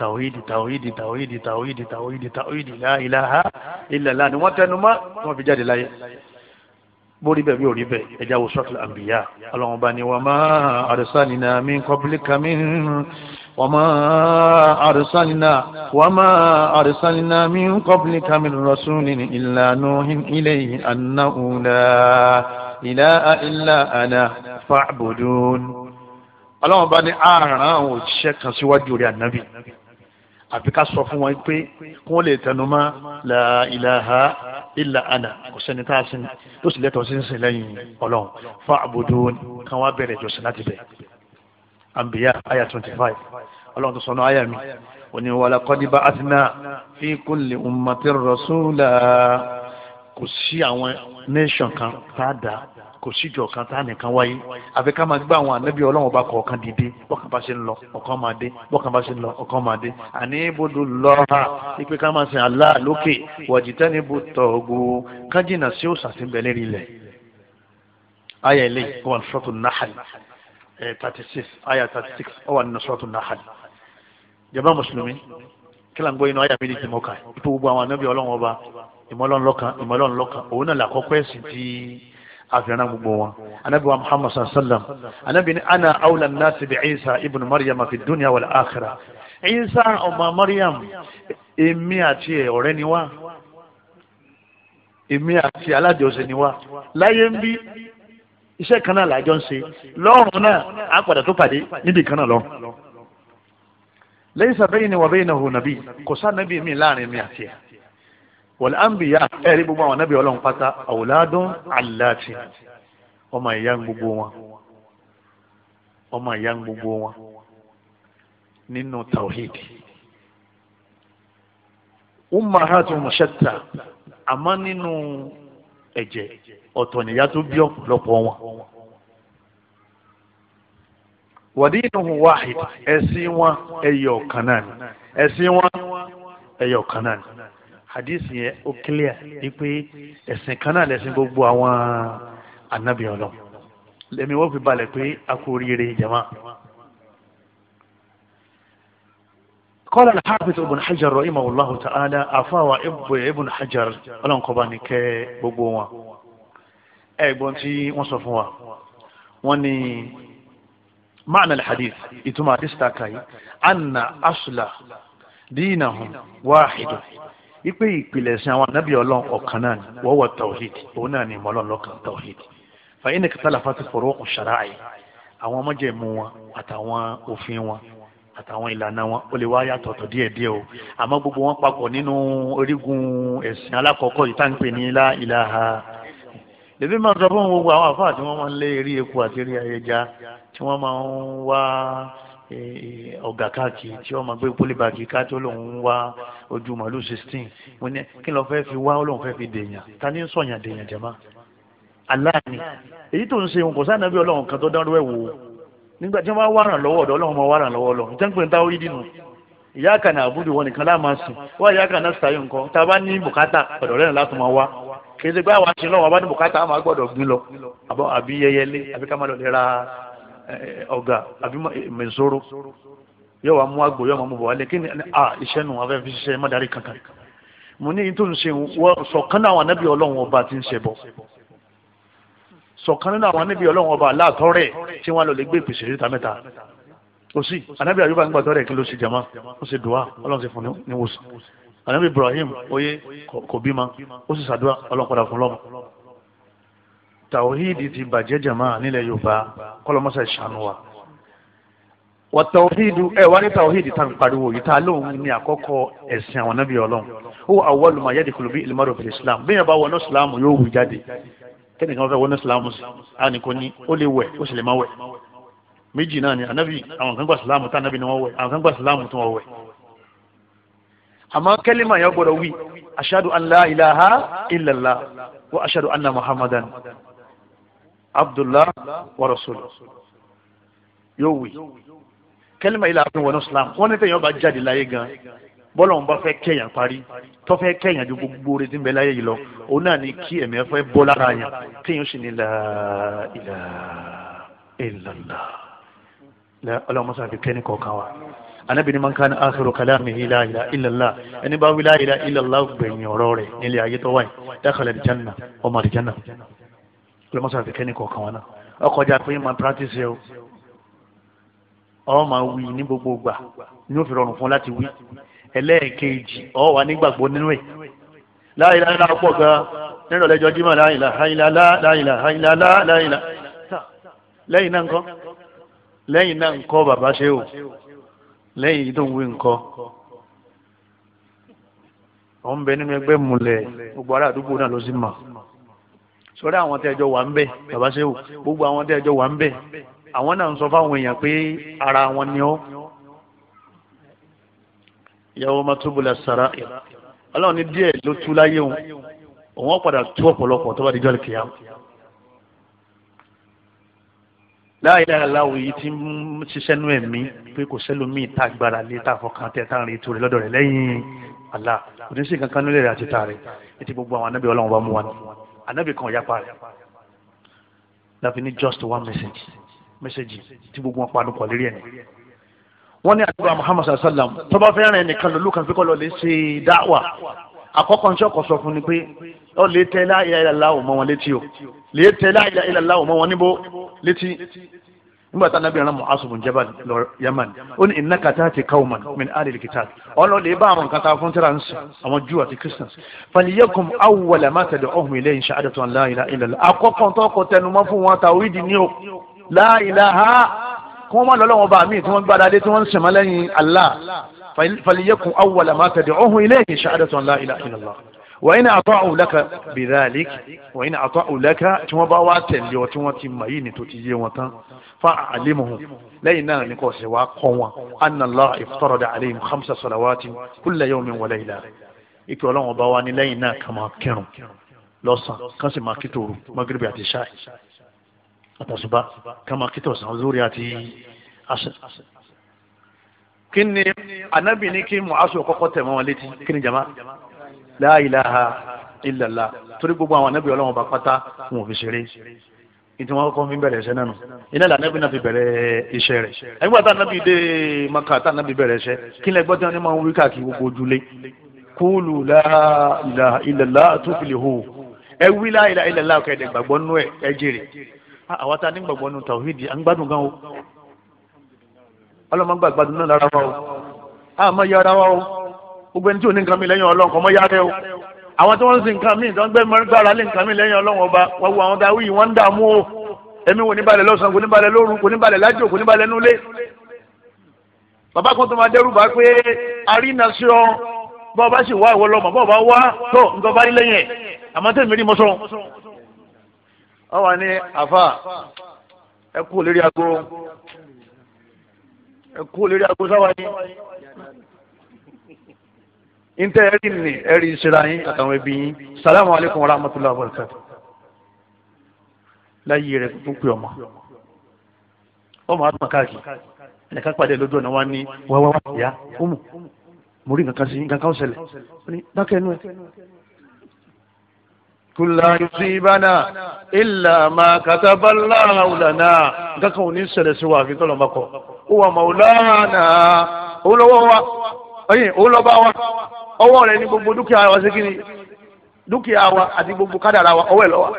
tàwíìdì tàwíìdì tàwíìdì tàwíìdì tàwíìdì tàwíìdì la ilaha illallah ni wọ́n tẹnu mọ́ wọ́n fi jáde láyé bórí bẹ́ẹ̀ bí ò rí bẹ́ẹ̀ ẹja wo suratul anbiya ọlọ́run bá ní wa ma arsalna min qablika min wa ma arsalna wa ma arsalna min qablika min rasulin illa nuhin ilayhi annahu la ilaha illa ana fa'budun ọlọ́wọ́n bá ní àràn àwọn òṣìṣẹ́ kan síwájú rẹ̀ ànábì àfi ká sọ fún wọn pé kí wọ́n lè tẹnu mọ́ la ilaha illa ana kò sẹ́ni tá a sin tó sì lẹ́tọ̀ọ́ sí ń sìn lẹ́yìn ọlọ́run fa'budun kan wá bẹ̀rẹ̀ jọ̀sìn láti bẹ̀ anbiya aya twenty five ọlọ́run tó sọ náà aya mi òní walaqad ba'athna fi kulli ummatin rasula kò sí àwọn nation kan tá a dá kò síjọ kan tá nìkan wáyé àfi ká máa gbé àwọn ànábì ọlọ́run ọba kọ̀ọ̀kan dìde bọ́kàn bá ṣe ń lọ ọ̀kan máa dé bọ́kàn bá ṣe ń lọ ọ̀kan máa dé àní ibodò lọ́ha ipe ká máa sin Allah lókè wọ̀jìtẹ́ ní ibò tọ̀gbù kájìnà sí òòsà sí bẹ̀lẹ́ rí lẹ̀. aya ilé wà ní sọ́tù nahal thirty six aya thirty six ọ wà ní sọ́tù nahal. jàmbá mùsùlùmí kí lóun gbọ́ inú aya méjì mọ́ka ipò gbogbo àwọn ànábì ọlọ́run ọba ìmọ̀lọ́nlọ́kan ìmọ̀lọ́nlọ́kan òun àfihàn gbogbo wọn anabi wa muhammad sallam anabi ni ana awla nasi bi isa ibn maryam fi dunya wal akhirah isa ọmọ maryam èmi àti ẹ ọ̀rẹ́ ni wá èmi àti alájọsẹ ni wá láyé ń bí iṣẹ́ kan náà làjọ ń ṣe lọ́rùn náà á padà tó pàdé níbi kan náà lọ. laysa bayni wa baynahu nabi kò sá nàbí mi láàrin mi àti ẹ wal anbiya ẹ̀rí gbogbo àwọn anábì ọlọ́run pátá awladun allati ọmọ ìyá ń gbogbo wọn ọmọ ìyá ń gbogbo wọn nínú tawhid ummahatuhum shatta àmọ́ nínú ẹ̀jẹ̀ ọ̀tọ̀ nìyá tó bí ọ̀pọ̀lọpọ̀ wọn wàdínuhu wahid ẹ̀sìn wọn ẹ̀yọ̀ kan náà ẹ̀sìn wọn ẹ̀yọ̀ kan náà hadith yẹn ó clear ni pé ẹ̀sìn kan náà lẹ̀sìn gbogbo àwọn anabi ọlọ́run lẹ́mi wọ́n fi balẹ̀ pé a kò ríire jama. قال الحافظ ابن حجر رحمه الله تعالى أفاوى ابن حجر ọlọ́run kó bá ni kẹ́ gbogbo wọn ẹ̀gbọ́n tí wọ́n sọ fún wa wọ́n ní معنى الحديث ìtumọ̀ àdìsítàkà yìí أن أصل دينهم واحد ipe ìpìlẹ̀ sin àwọn anábì ọlọ́run ọ̀kan náà ni wọ́n wọ tawhid òun náà ni ìmọ̀lọ́run lọ́kàn tawhid fàyínì kìtàlà fati fọ̀rọ̀ ọ̀hún ṣàráàyè àwọn ọmọjẹ̀mú wọn àtàwọn òfin wọn àtàwọn ìlànà wọn ó lè wá yàtọ̀ tọ̀ díẹ̀ díẹ̀ o àmọ́ gbogbo wọn papọ̀ nínú orígun ẹ̀sìn alákọ̀ọ́kọ́ yìí táǹpẹ̀ ní ilá ìlàhà lèmi máa sọ fún gbogbo àwọn àfáà tí wọ́n máa ń lé eré eku àti eré ayẹja tí wọ́n máa ń wá Eh, ọ̀gá káàkì tí wọ́n máa gbé pólíbàgì ká tó lòun wá ojú màálù sixteen wọ́n ní kí ló fẹ́ fi wá ó lòun fẹ́ fi dèèyàn ta ni ń sọ̀yàn dèèyàn jẹ̀má aláàní èyí tó ń ṣe òun kò sáà nàbí ọlọ́run kan tó dánrú ẹ̀ wò ó nígbà tí wọ́n bá wàràn lọ́wọ́ ọ̀dọ̀ ọlọ́run máa wàràn lọ́wọ́ lọ ìtẹ́ ń pè ń táwọ́ yídì nù ìyá kan náà àbúrò wọn nìkan láàmà sùn wọ́n ìyá kan náà sàyò nǹkan tá a bá ní bùkátà ọ̀dọ̀ rẹ̀ láti máa wá kì í ṣe pé àwọn aṣèlú àwọn bá ní bùkátà á máa gbin lọ àbí yẹyẹlé àbí ká má lọ lè ra Eh, ọ̀gá àbí mẹ̀sọ́rọ́ eh, yóò wá mú àgbò yóò máa mú bọ̀ wálé kí ni a ah, iṣẹ́ nù afẹ́ fi ṣiṣẹ́ má darí kankan mo ní yìí tó ń ṣe sọ̀kan náà àwọn anábì ọlọ́run ọba ti ń ṣe bọ̀ sọ̀kan nínú àwọn anábì ọlọ́run ọba aláàtọ́rẹ̀ tí wọ́n lọ lè gbé ìpèsè ríta mẹ́ta ó sì anábì àyùbá nígbà tọ́rẹ̀ kí ló ṣe jàmá ó ṣe dùá ọlọ́run ṣe fún níwòsàn anábì Ibrahim oyè kò bímọ ó sì ṣàdúrà ọlọ́run padà fún lọ́mọ tàwíìdì ti bàjẹ́ jama nílẹ̀ yorùbá kọlọmọsẹ̀ ṣàánú wa wà tàwíìdù ẹ wá ní tàwíìdì tá n pariwo yìí tá lóun ní àkọ́kọ́ ẹ̀sìn àwọn nábì ọlọ́run ó awwalu ma yadkhulu bihi al-mar'u fil islam bí yẹn bá wọnú islam yóò wù jáde kẹ́ni kan fẹ́ wọnú islam sí a ní kò ní ó lè wẹ̀ ó sì lè má wẹ̀ méjì náà ni anabi àwọn kan gba islam anabi ni wọ́n wẹ̀ àwọn kan gba islam tí wọ́n wẹ̀ àmọ́ kẹ́límà yẹn gbọ́dọ̀ wí an la ilaha illallah wa ashadu anna muhammadan abdullah wa rasul yóò wí kẹlẹ́mà yìí la fi wọnú islam wọ́n ní tẹ̀yìn ọba jáde láyé gan bọ́lá òun bá fẹ́ kẹ̀yàn parí tó fẹ́ kẹ̀yàn ju gbogbo retí ń bẹ láyé yìí lọ òun náà ní kí ẹ̀mí ẹ̀ fẹ́ bọ́ lára yẹn kéèyàn sì ní la ilaha illallah ọlọ́mọsá fi kẹ́ni kọ̀ọ̀kan wa anabi ni man kan akhiru kalamihi ẹni bá wí la ilaha illallah gbẹ̀yìn ọ̀rọ̀ rẹ̀ nílé ayé tó ọmọ aljanna. ọlọmọsá fi kẹ́ni kọ̀ọ̀kan wọn náà ọkọjà pé máa practice yẹ o ọ ma wí ní gbogbo gbà ní ó fi rọrùn fún láti wí ẹlẹ́ẹ̀kejì ọ wà nígbàgbọ́ nínú ẹ̀ láìláìlá pọ̀ gan nínú ọ̀lẹ́jọ́ jimá láìlá láìlá láìlá láìlá láìlá lẹ́yìn náà ńkọ́ lẹ́yìn náà ńkọ́ bàbá ṣe o lẹ́yìn tó ń wí ńkọ́ ọ̀ ń bẹ nínú ẹgbẹ́ múlẹ̀ gbogbo ará àdúgbò náà ló sì mọ̀. sọ́rí àwọn tẹ́jọ́ wà ń bẹ̀ bàbá sẹ́wò gbogbo àwọn tẹ́jọ́ wà ń bẹ̀ àwọn náà ń sọ fáwọn èèyàn pé ara wọn ni ọ́ ìyàwó matubula sara ọlọ́run ní díẹ̀ ló tú láyé òun òun padà tú ọ̀pọ̀lọpọ̀ tó bá di jọ́lẹ̀ kìá láàyè aláwọ̀ yìí ti ń ṣiṣẹ́ nú ẹ̀mí pé kò sẹ́lómìn tá agbára lé tá àfọkàn tẹ tá à ń retí rẹ lọ́dọ̀ rẹ lẹ́yìn àlá kò ní sí kankan nílẹ̀ rẹ àti tààrẹ ètò gbogbo àwọn anábìyàn ọlọ́run bá mú wa ni ànábì kan yapa rẹ̀ láfi ní just one message message tí gbogbo wọn panu pọ̀ lérí ẹ̀ ni wọ́n ní àdúrà muhammad sallam tó bá fẹ́ràn ẹnìkan lòlú kan fi kọ́ lọ lè ṣe dáwà àkọ́kọ́ ní ọkọ̀ sọ fún ni pé ó lè tẹ́ láìláìlá ò mọ́ wọn létí o lè tẹ́ láìláìlá ò mọ́ wọn níbo létí nígbà tí anabi ran mu'asu bin jabal lọ yaman ó ní innaka tati qauman min alil kitab ọlọ́lẹ̀ bá àwọn nǹkan tá a fún tíra ń sìn àwọn jù àti christians faliyakum awwala ma tad'uhum ilayhi shahadatu an la ilaha illa Allah àkọ́kọ́ tó kọ tẹnu fún wọn tàwídì ní o la ilaha kí wọ́n má lọ lọ́wọ́ bá mi tí wọ́n gbára dé tí wọ́n ń sèmọ́ allah faliyakum awwala ma tad'uhum ilayhi shahadatu an la ilaha wàyí ni àtọ́ àwùlákà bìdáàlík wàyí ni àtọ́ àwùlákà tí wọ́n bá wá tẹ̀lé ọ tí wọ́n ti mọ̀ yìí ni tó ti yé wọn tán fa àlímùhùn lẹ́yìn náà ni kò sì wá kọ́ wọn annalá ìfọ̀rọ̀dà àlẹ́yìn hamsa sọ̀làwátì kúlẹ̀ yóò mi wọlé ìlà ìkẹ́ ọlọ́run bá wá ní lẹ́yìn náà kà máa kẹrùn lọ́sàn kan sì máa kító òru magrebi àti ṣáì àtàṣùbà kà máa kító ọ̀sán lórí àti àṣẹ kí ni anabi ní kí mu aṣọ kọ́kọ́ tẹ̀ mọ́ wọn létí kí ni jama la ilaha illallah torí gbogbo àwọn anábì ọlọ́wọ́n bá pátá wọn ò fi ṣeré ìtì wọn kọ́ fi bẹ̀rẹ̀ iṣẹ́ náà nù iná ìlànà ẹbí náà fi bẹ̀rẹ̀ iṣẹ́ rẹ̀ ẹgbẹ́ tá anábì dé maka tá anábì bẹ̀rẹ̀ iṣẹ́ kí ni ẹgbẹ́ tí wọ́n ní máa ń wí káàkiri gbogbo ojúlé kúlù la ilaha illallah tó fi lè hó ẹ wí la ilaha illallah kẹ́ẹ̀dẹ̀ gbàgbọ́ nú ẹ jèrè a ní yára wa o gbogbo ẹni tí ò ní nǹkan mi lẹ́yìn ọlọ́run kọ́ mọ́ yára o àwọn tí wọ́n ń sin nǹkan mi tí wọ́n gbẹ́ mọ́gbára lé nǹkan mi lẹ́yìn ọlọ́run ọba wọ́n wo àwọn dáwí yìí wọ́n ń dààmú o ẹ̀mí wò ní balẹ̀ lọ́sàn kò ní balẹ̀ lóru kò ní balẹ̀ lájò kò ní balẹ̀ nulẹ̀. bàbá kan tó máa dẹ́rù bá pé arínà sí ọ bọ́ọ̀ bá sì wá ìwọ lọ́mọ bọ́ọ̀ bá wá tó nǹkan bá rí lẹ́yìn ẹ̀ àmọ́ tẹ̀mí rí mọ́sán. ọ ntẹ ẹrí ni ẹrí ìṣẹ̀lẹ̀ yín àtàwọn ẹbí yín salamu alaykum wa rahmatullahi wa barakatuh láyé rẹ tó pè ọmọ ọmọ àtúmọ̀ káàkiri ẹnìkan pàdé lójú ọ̀nà wa ní wàwá ìyá ọmọ mo rí nǹkan sí nǹkan kan ṣẹlẹ̀ dákẹ́ ẹnu ẹ. kula yusibana illa ma kataballahu lana nǹkan kan ò ní ṣẹlẹ̀ sí wa àfi tọ́lọ̀ bá ó wà maulana ó lọ́wọ́ wa ó lọ́ba wa ọwọ́ rẹ ní gbogbo dúkìá wa sí kí ni dúkìá wa àti gbogbo kádàrà wa ọwọ́ ẹ̀ lọ́wọ́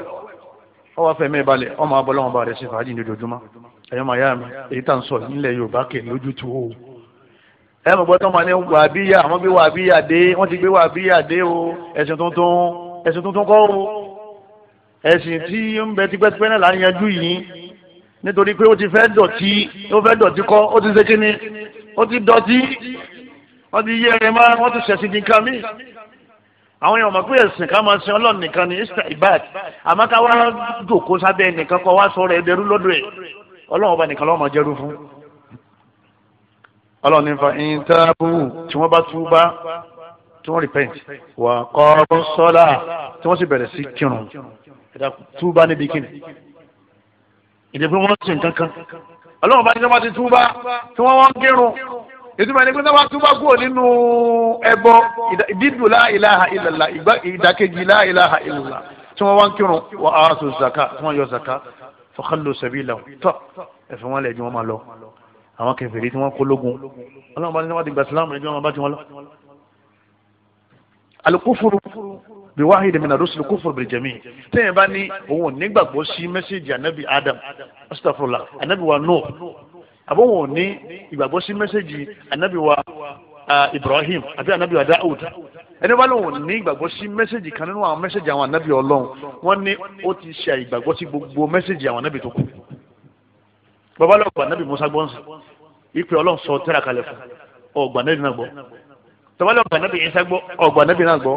ọwọ́ fẹ̀mí ìbalẹ̀ ọmọ abọ́lọ́wọ́ bá rẹ̀ sí fàájì lójoojúmọ́ ẹ̀yọ́ màá yá mi èyí tà ń sọ nílẹ̀ Yorùbá kè tu o ẹ mọ̀ gbọ́dọ̀ máa ní wàbíyà àwọn gbé wàbíyà dé wọ́n ti gbé wàbíyà dé o ẹ̀sìn tuntun ẹ̀sìn tuntun kọ́ o ẹ̀sìn tí ń bẹ tipẹ́tipẹ́ náà là ń yanjú yìí nítorí pé ó ti fẹ́ dọ̀tí ó fẹ́ dọ̀tí kọ́ ó ti ṣe kíni ó ti dọ̀tí wọ́n ti yé ẹrẹ máa wọ́n ti ṣẹ̀sìn nìkan mí àwọn èèyàn mọ̀ pé ẹ̀sìn ká máa sin ọlọ́run nìkan ní easter ibad àmọ́ ká wá jòkó sábẹ́ nìkan kọ́ wá sọ̀rọ̀ ẹ̀dẹ̀rú lọ́dọ̀ ẹ̀ ọlọ́run ọba nìkan lọ́mọ jẹ́rú fún. ọlọ́run nífa ìntàbù tí wọ́n bá túbá tí wọ́n repent wà kọ́ sọ́lá tí wọ́n sì bẹ̀rẹ̀ sí kírun túbá níbi kíni ìdí pé wọ́n sin kankan ọlọ́run ọba nìkan bá ti túbá tí wọ́n wọ́n kírun ìtumọ̀ ní pé sábà tó bá kúrò nínú ẹbọ ìdídùn la ilaha illallah ìdákejì la ilaha illallah tí wọ́n wá ń kírun wọ́n á sọ zaka tí wọ́n yọ zaka fọkànlò sẹ́bílà tọ́ ẹ̀fẹ̀ wọn lẹ̀ ju wọn máa lọ àwọn kèfèrí tí wọ́n kó lógun ọlọ́run bá ní sábà ti gbà sílámù ẹ̀jọ́ wọn bá ti wọn lọ. alukófóró bí wáhídì mi nàdó sílùkú fún bìrì jẹmí tẹyìn bá ní òun nígbàgbọ́ sí mẹsíjì anabi adam astafurla anabi wa nuh àbọ̀ wọn ò ní ìgbàgbọ́ sí mẹ́sẹ̀gì anabi wa Ibrahim àbí anabi wa Daud ẹni bá lóun ní ìgbàgbọ́ sí mẹ́sẹ̀gì kan nínú àwọn mẹ́sẹ̀gì àwọn anabi Ọlọ́run wọ́n ní ó ti ṣe àìgbàgbọ́ sí gbogbo mẹ́sẹ̀gì àwọn anabi tó kù babalọ́gbà anabi Musa gbọ́nsẹ̀ ìpè Ọlọ́run sọ tẹ́ra kalẹ̀ fún ọgbà anabi náà gbọ́ babalọ́gbà anabi Isa gbọ́ ọgbà anabi náà gbọ́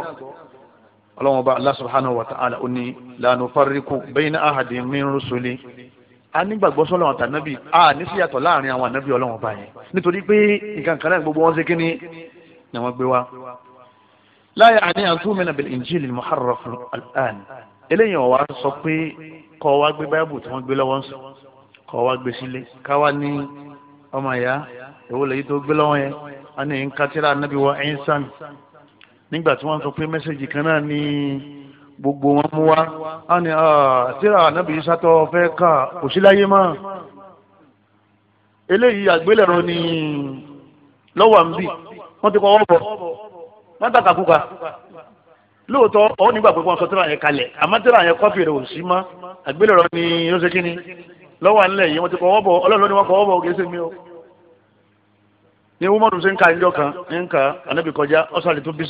Ọlọ́run ọba Allah subhanahu wa ta'ala ó ní la nufarriqu bayna ahadin min rusuli a nígbàgbọ́ sọ́lọ́ àwọn tànàbí a ní síyàtọ̀ láàrin àwọn ànábì ọlọ́wọ́n bá yẹn nítorí pé nǹkan kan náà gbogbo wọn ṣe kí ni ni wọ́n gbé wa. láyé àní àtúmìnà bil injil muharraf al-an eléyìí ọ̀wá sọ pé kọ́ wa gbé báyìbù tí wọ́n gbé lọ́wọ́ ń sọ kọ́ wa gbé sílé káwa ní ọmọ ìyá èwo lèyí tó gbé lọ́wọ́ yẹn a ní nǹkan tíra ànábì wa Ìsá nígbà tí wọ́n sọ pé mẹ́sẹ̀gì kan náà ní gbogbo wọn mú wá á ní ah, síra ànábì sátọ fẹ́ kà kò eléyìí àgbélẹ̀rọ ni lọ́wọ́ à ń bì wọ́n ti kọ́ ọwọ́ bọ̀ wọ́n dàkà kúkà lóòótọ́ ọ̀hún nígbà pé wọ́n sọ tíra yẹn kalẹ̀ àmọ́ tíra yẹn kọ́pì rẹ̀ ò sí mọ́ àgbélẹ̀rọ ni yóò ṣe kíni lọ́wọ́ à ń wọ́n ti kọ́ ọwọ́ bọ̀ ọlọ́run ni wọ́n kọ́ ọwọ́ bọ̀ kì í ṣe mí o ní wọ́n mọ̀tún sí ń ka ìjọ kan ń ka ànábì kọjá ọ̀sán tó bí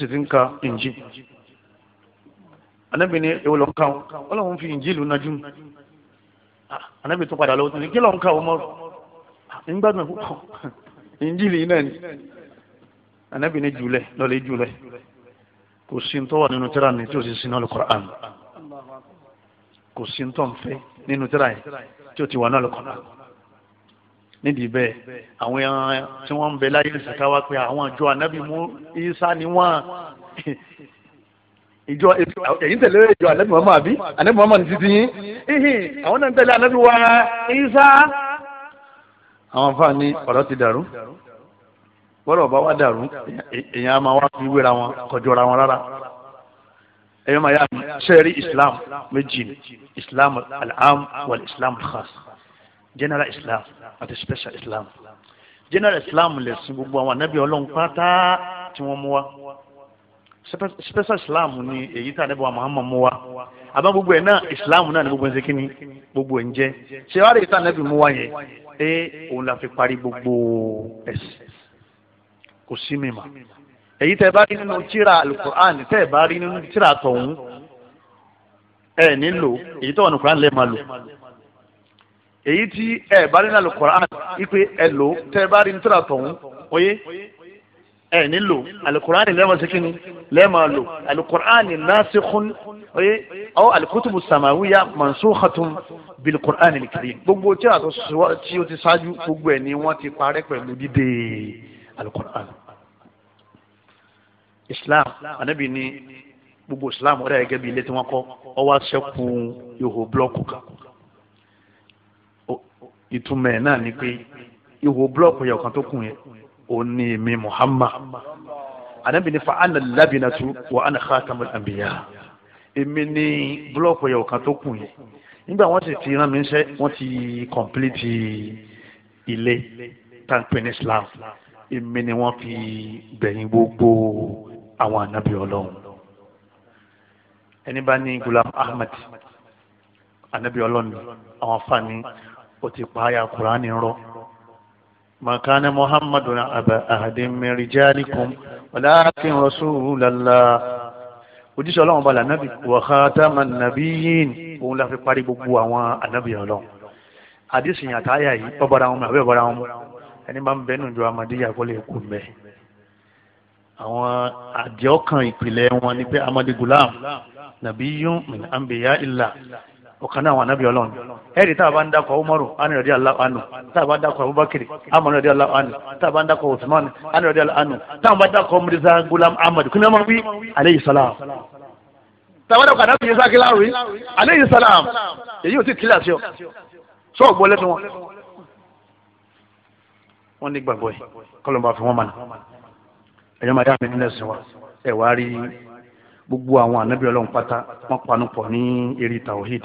anabi ni ewu lọ ń kàn wọn lọ́wọ́ ń fi ìjìlù nájú anabi tó padà lọ́wọ́ tó ní kí lọ́ọ́ ń kàn wọn mọ́rọ̀ nígbàdùn púpọ̀ ìjìlù yìí náà ni anabi ni jùlẹ̀ lọ́lẹ̀ jùlẹ̀ kò sí tó wà nínú tíra ni tí o sì sin náà Qur'an kò sí tó ń fẹ́ nínú tíra yẹn tí o ti wà náà Qur'an nídìí bẹ́ẹ̀ àwọn tí wọ́n ń bẹ láyé ìsìnkáwá pé àwọn àjọ anabi mú isa ni wọ́n ìjọ ẹ̀yin tẹ̀lé ìjọ anabi muhammad àbí anabi muhammad ti ti yín ihin àwọn náà ń tẹ̀lé anabi wa isa àwọn afa ni ọ̀rọ̀ ti dàrú wọ́rọ̀ ọba wa dàrú èèyàn a máa wá fi wéra wọn kọjọra wọn rárá ẹ̀yọ́ máa yá mi sẹ́ẹ̀rí islam méjì islam alam, am wal islam khas general islam àti special islam general islam lè sin gbogbo àwọn anabi ọlọ́run pátá tí wọ́n mú wa special islam ni èyí tí anabi wa muhammad mú wa àmọ́ gbogbo ẹ̀ náà islam náà ni gbogbo ẹ̀ ń ṣe kíni gbogbo ẹ̀ ń jẹ́ ṣé wàá rí èyí tí anabi mú wa yẹn ẹ òun la fi parí gbogbo ẹ̀sìn kò sí mi mà èyí tẹ́ bá rí nínú tíra alukur'an tẹ́ bá rí nínú tíra tọ̀hún ẹ nílò èyí tó wà lè máa lò èyí tí ẹ bá rí nínú alukur'an ipe ẹ lò tẹ́ bá rí nínú tíra tọ̀hún oyé ẹ nílò alukur'ani lẹ́ẹ̀ma sí kíni lẹ́ẹ̀ma lò alukur'ani nasikhun oye ọ alikutubu samawiya mansukhatun bilikur'ani al-karim gbogbo tí a ti o ti ṣáájú gbogbo ẹ ni wọ́n ti parẹ́ pẹ̀lú dídé alukur'ani islam anabi ni gbogbo islam ọ̀rẹ́ gẹ́gẹ́ bí ilé tí wọ́n kọ́ ọ wá ṣẹ́kù ihò blọ́ọ̀kù kan ìtumọ̀ náà ni pé ihò blọ́ọ̀kù yẹ ọ̀kan tó kù yẹn òun ni mi Muhammad anabi ni fa ana labinatu wa ana khatamul anbiya èmi ni búlọ́ọ̀kù ẹ̀yọ̀ kan tó kù yìí nígbà wọ́n sì ti rán mi ṣẹ́ wọ́n ti kọ̀m̀pìlìtì ilé tàǹpẹ̀ ní Islam èmi ni wọ́n fi gbẹ̀yìn gbogbo àwọn anabi ọlọ́run ẹni bá ní Gulam Ahmad anabi ọlọ́run àwọn fani ó ti pa ayà Kùránì rọ́. ما كان محمد أبا أحد من رجالكم ولكن رسول الله òjíṣẹ́ ọlọ́run bá lànàbì wa khataman nabiyyin òun la fi parí gbogbo àwọn ànábì ọlọ́run àdìsí yàn táyà yìí ọ̀bọ̀ra wọn àbẹ́ ọ̀bọ̀ra wọn ẹni bá ń bẹ nù ju amadíyà kó lè kú mbẹ. àwọn àjẹ́ ọkàn ìpìlẹ̀ wọn ni pé amadi gulam nabiyyun min anbiya illah ọ̀kan náà àwọn anábì ọlọ́run ẹ̀rí tá a bá ń dakọ̀ umaru anirọ̀dí aláwọ̀ anu tá a bá ń dakọ̀ abubakar amọ̀nirọ̀dí aláwọ̀ anu tá a bá ń dakọ̀ usman anirọ̀dí aláwọ̀ anu tá a bá ń dakọ̀ mirza gulam ahmad kí ni wọ́n wí aleyhi salam tá a bá dakọ̀ anábì yẹn sáké láwùí aleyhi salam èyí ò sì kílẹ̀ àṣọ sọ gbọ́ lẹ́nu wọn. wọ́n ní gbàgbọ́ yìí kọ́lọ́ gbogbo àwọn ànábì ọlọ́run pátá wọ́n panu pọ̀ ní eré tawhid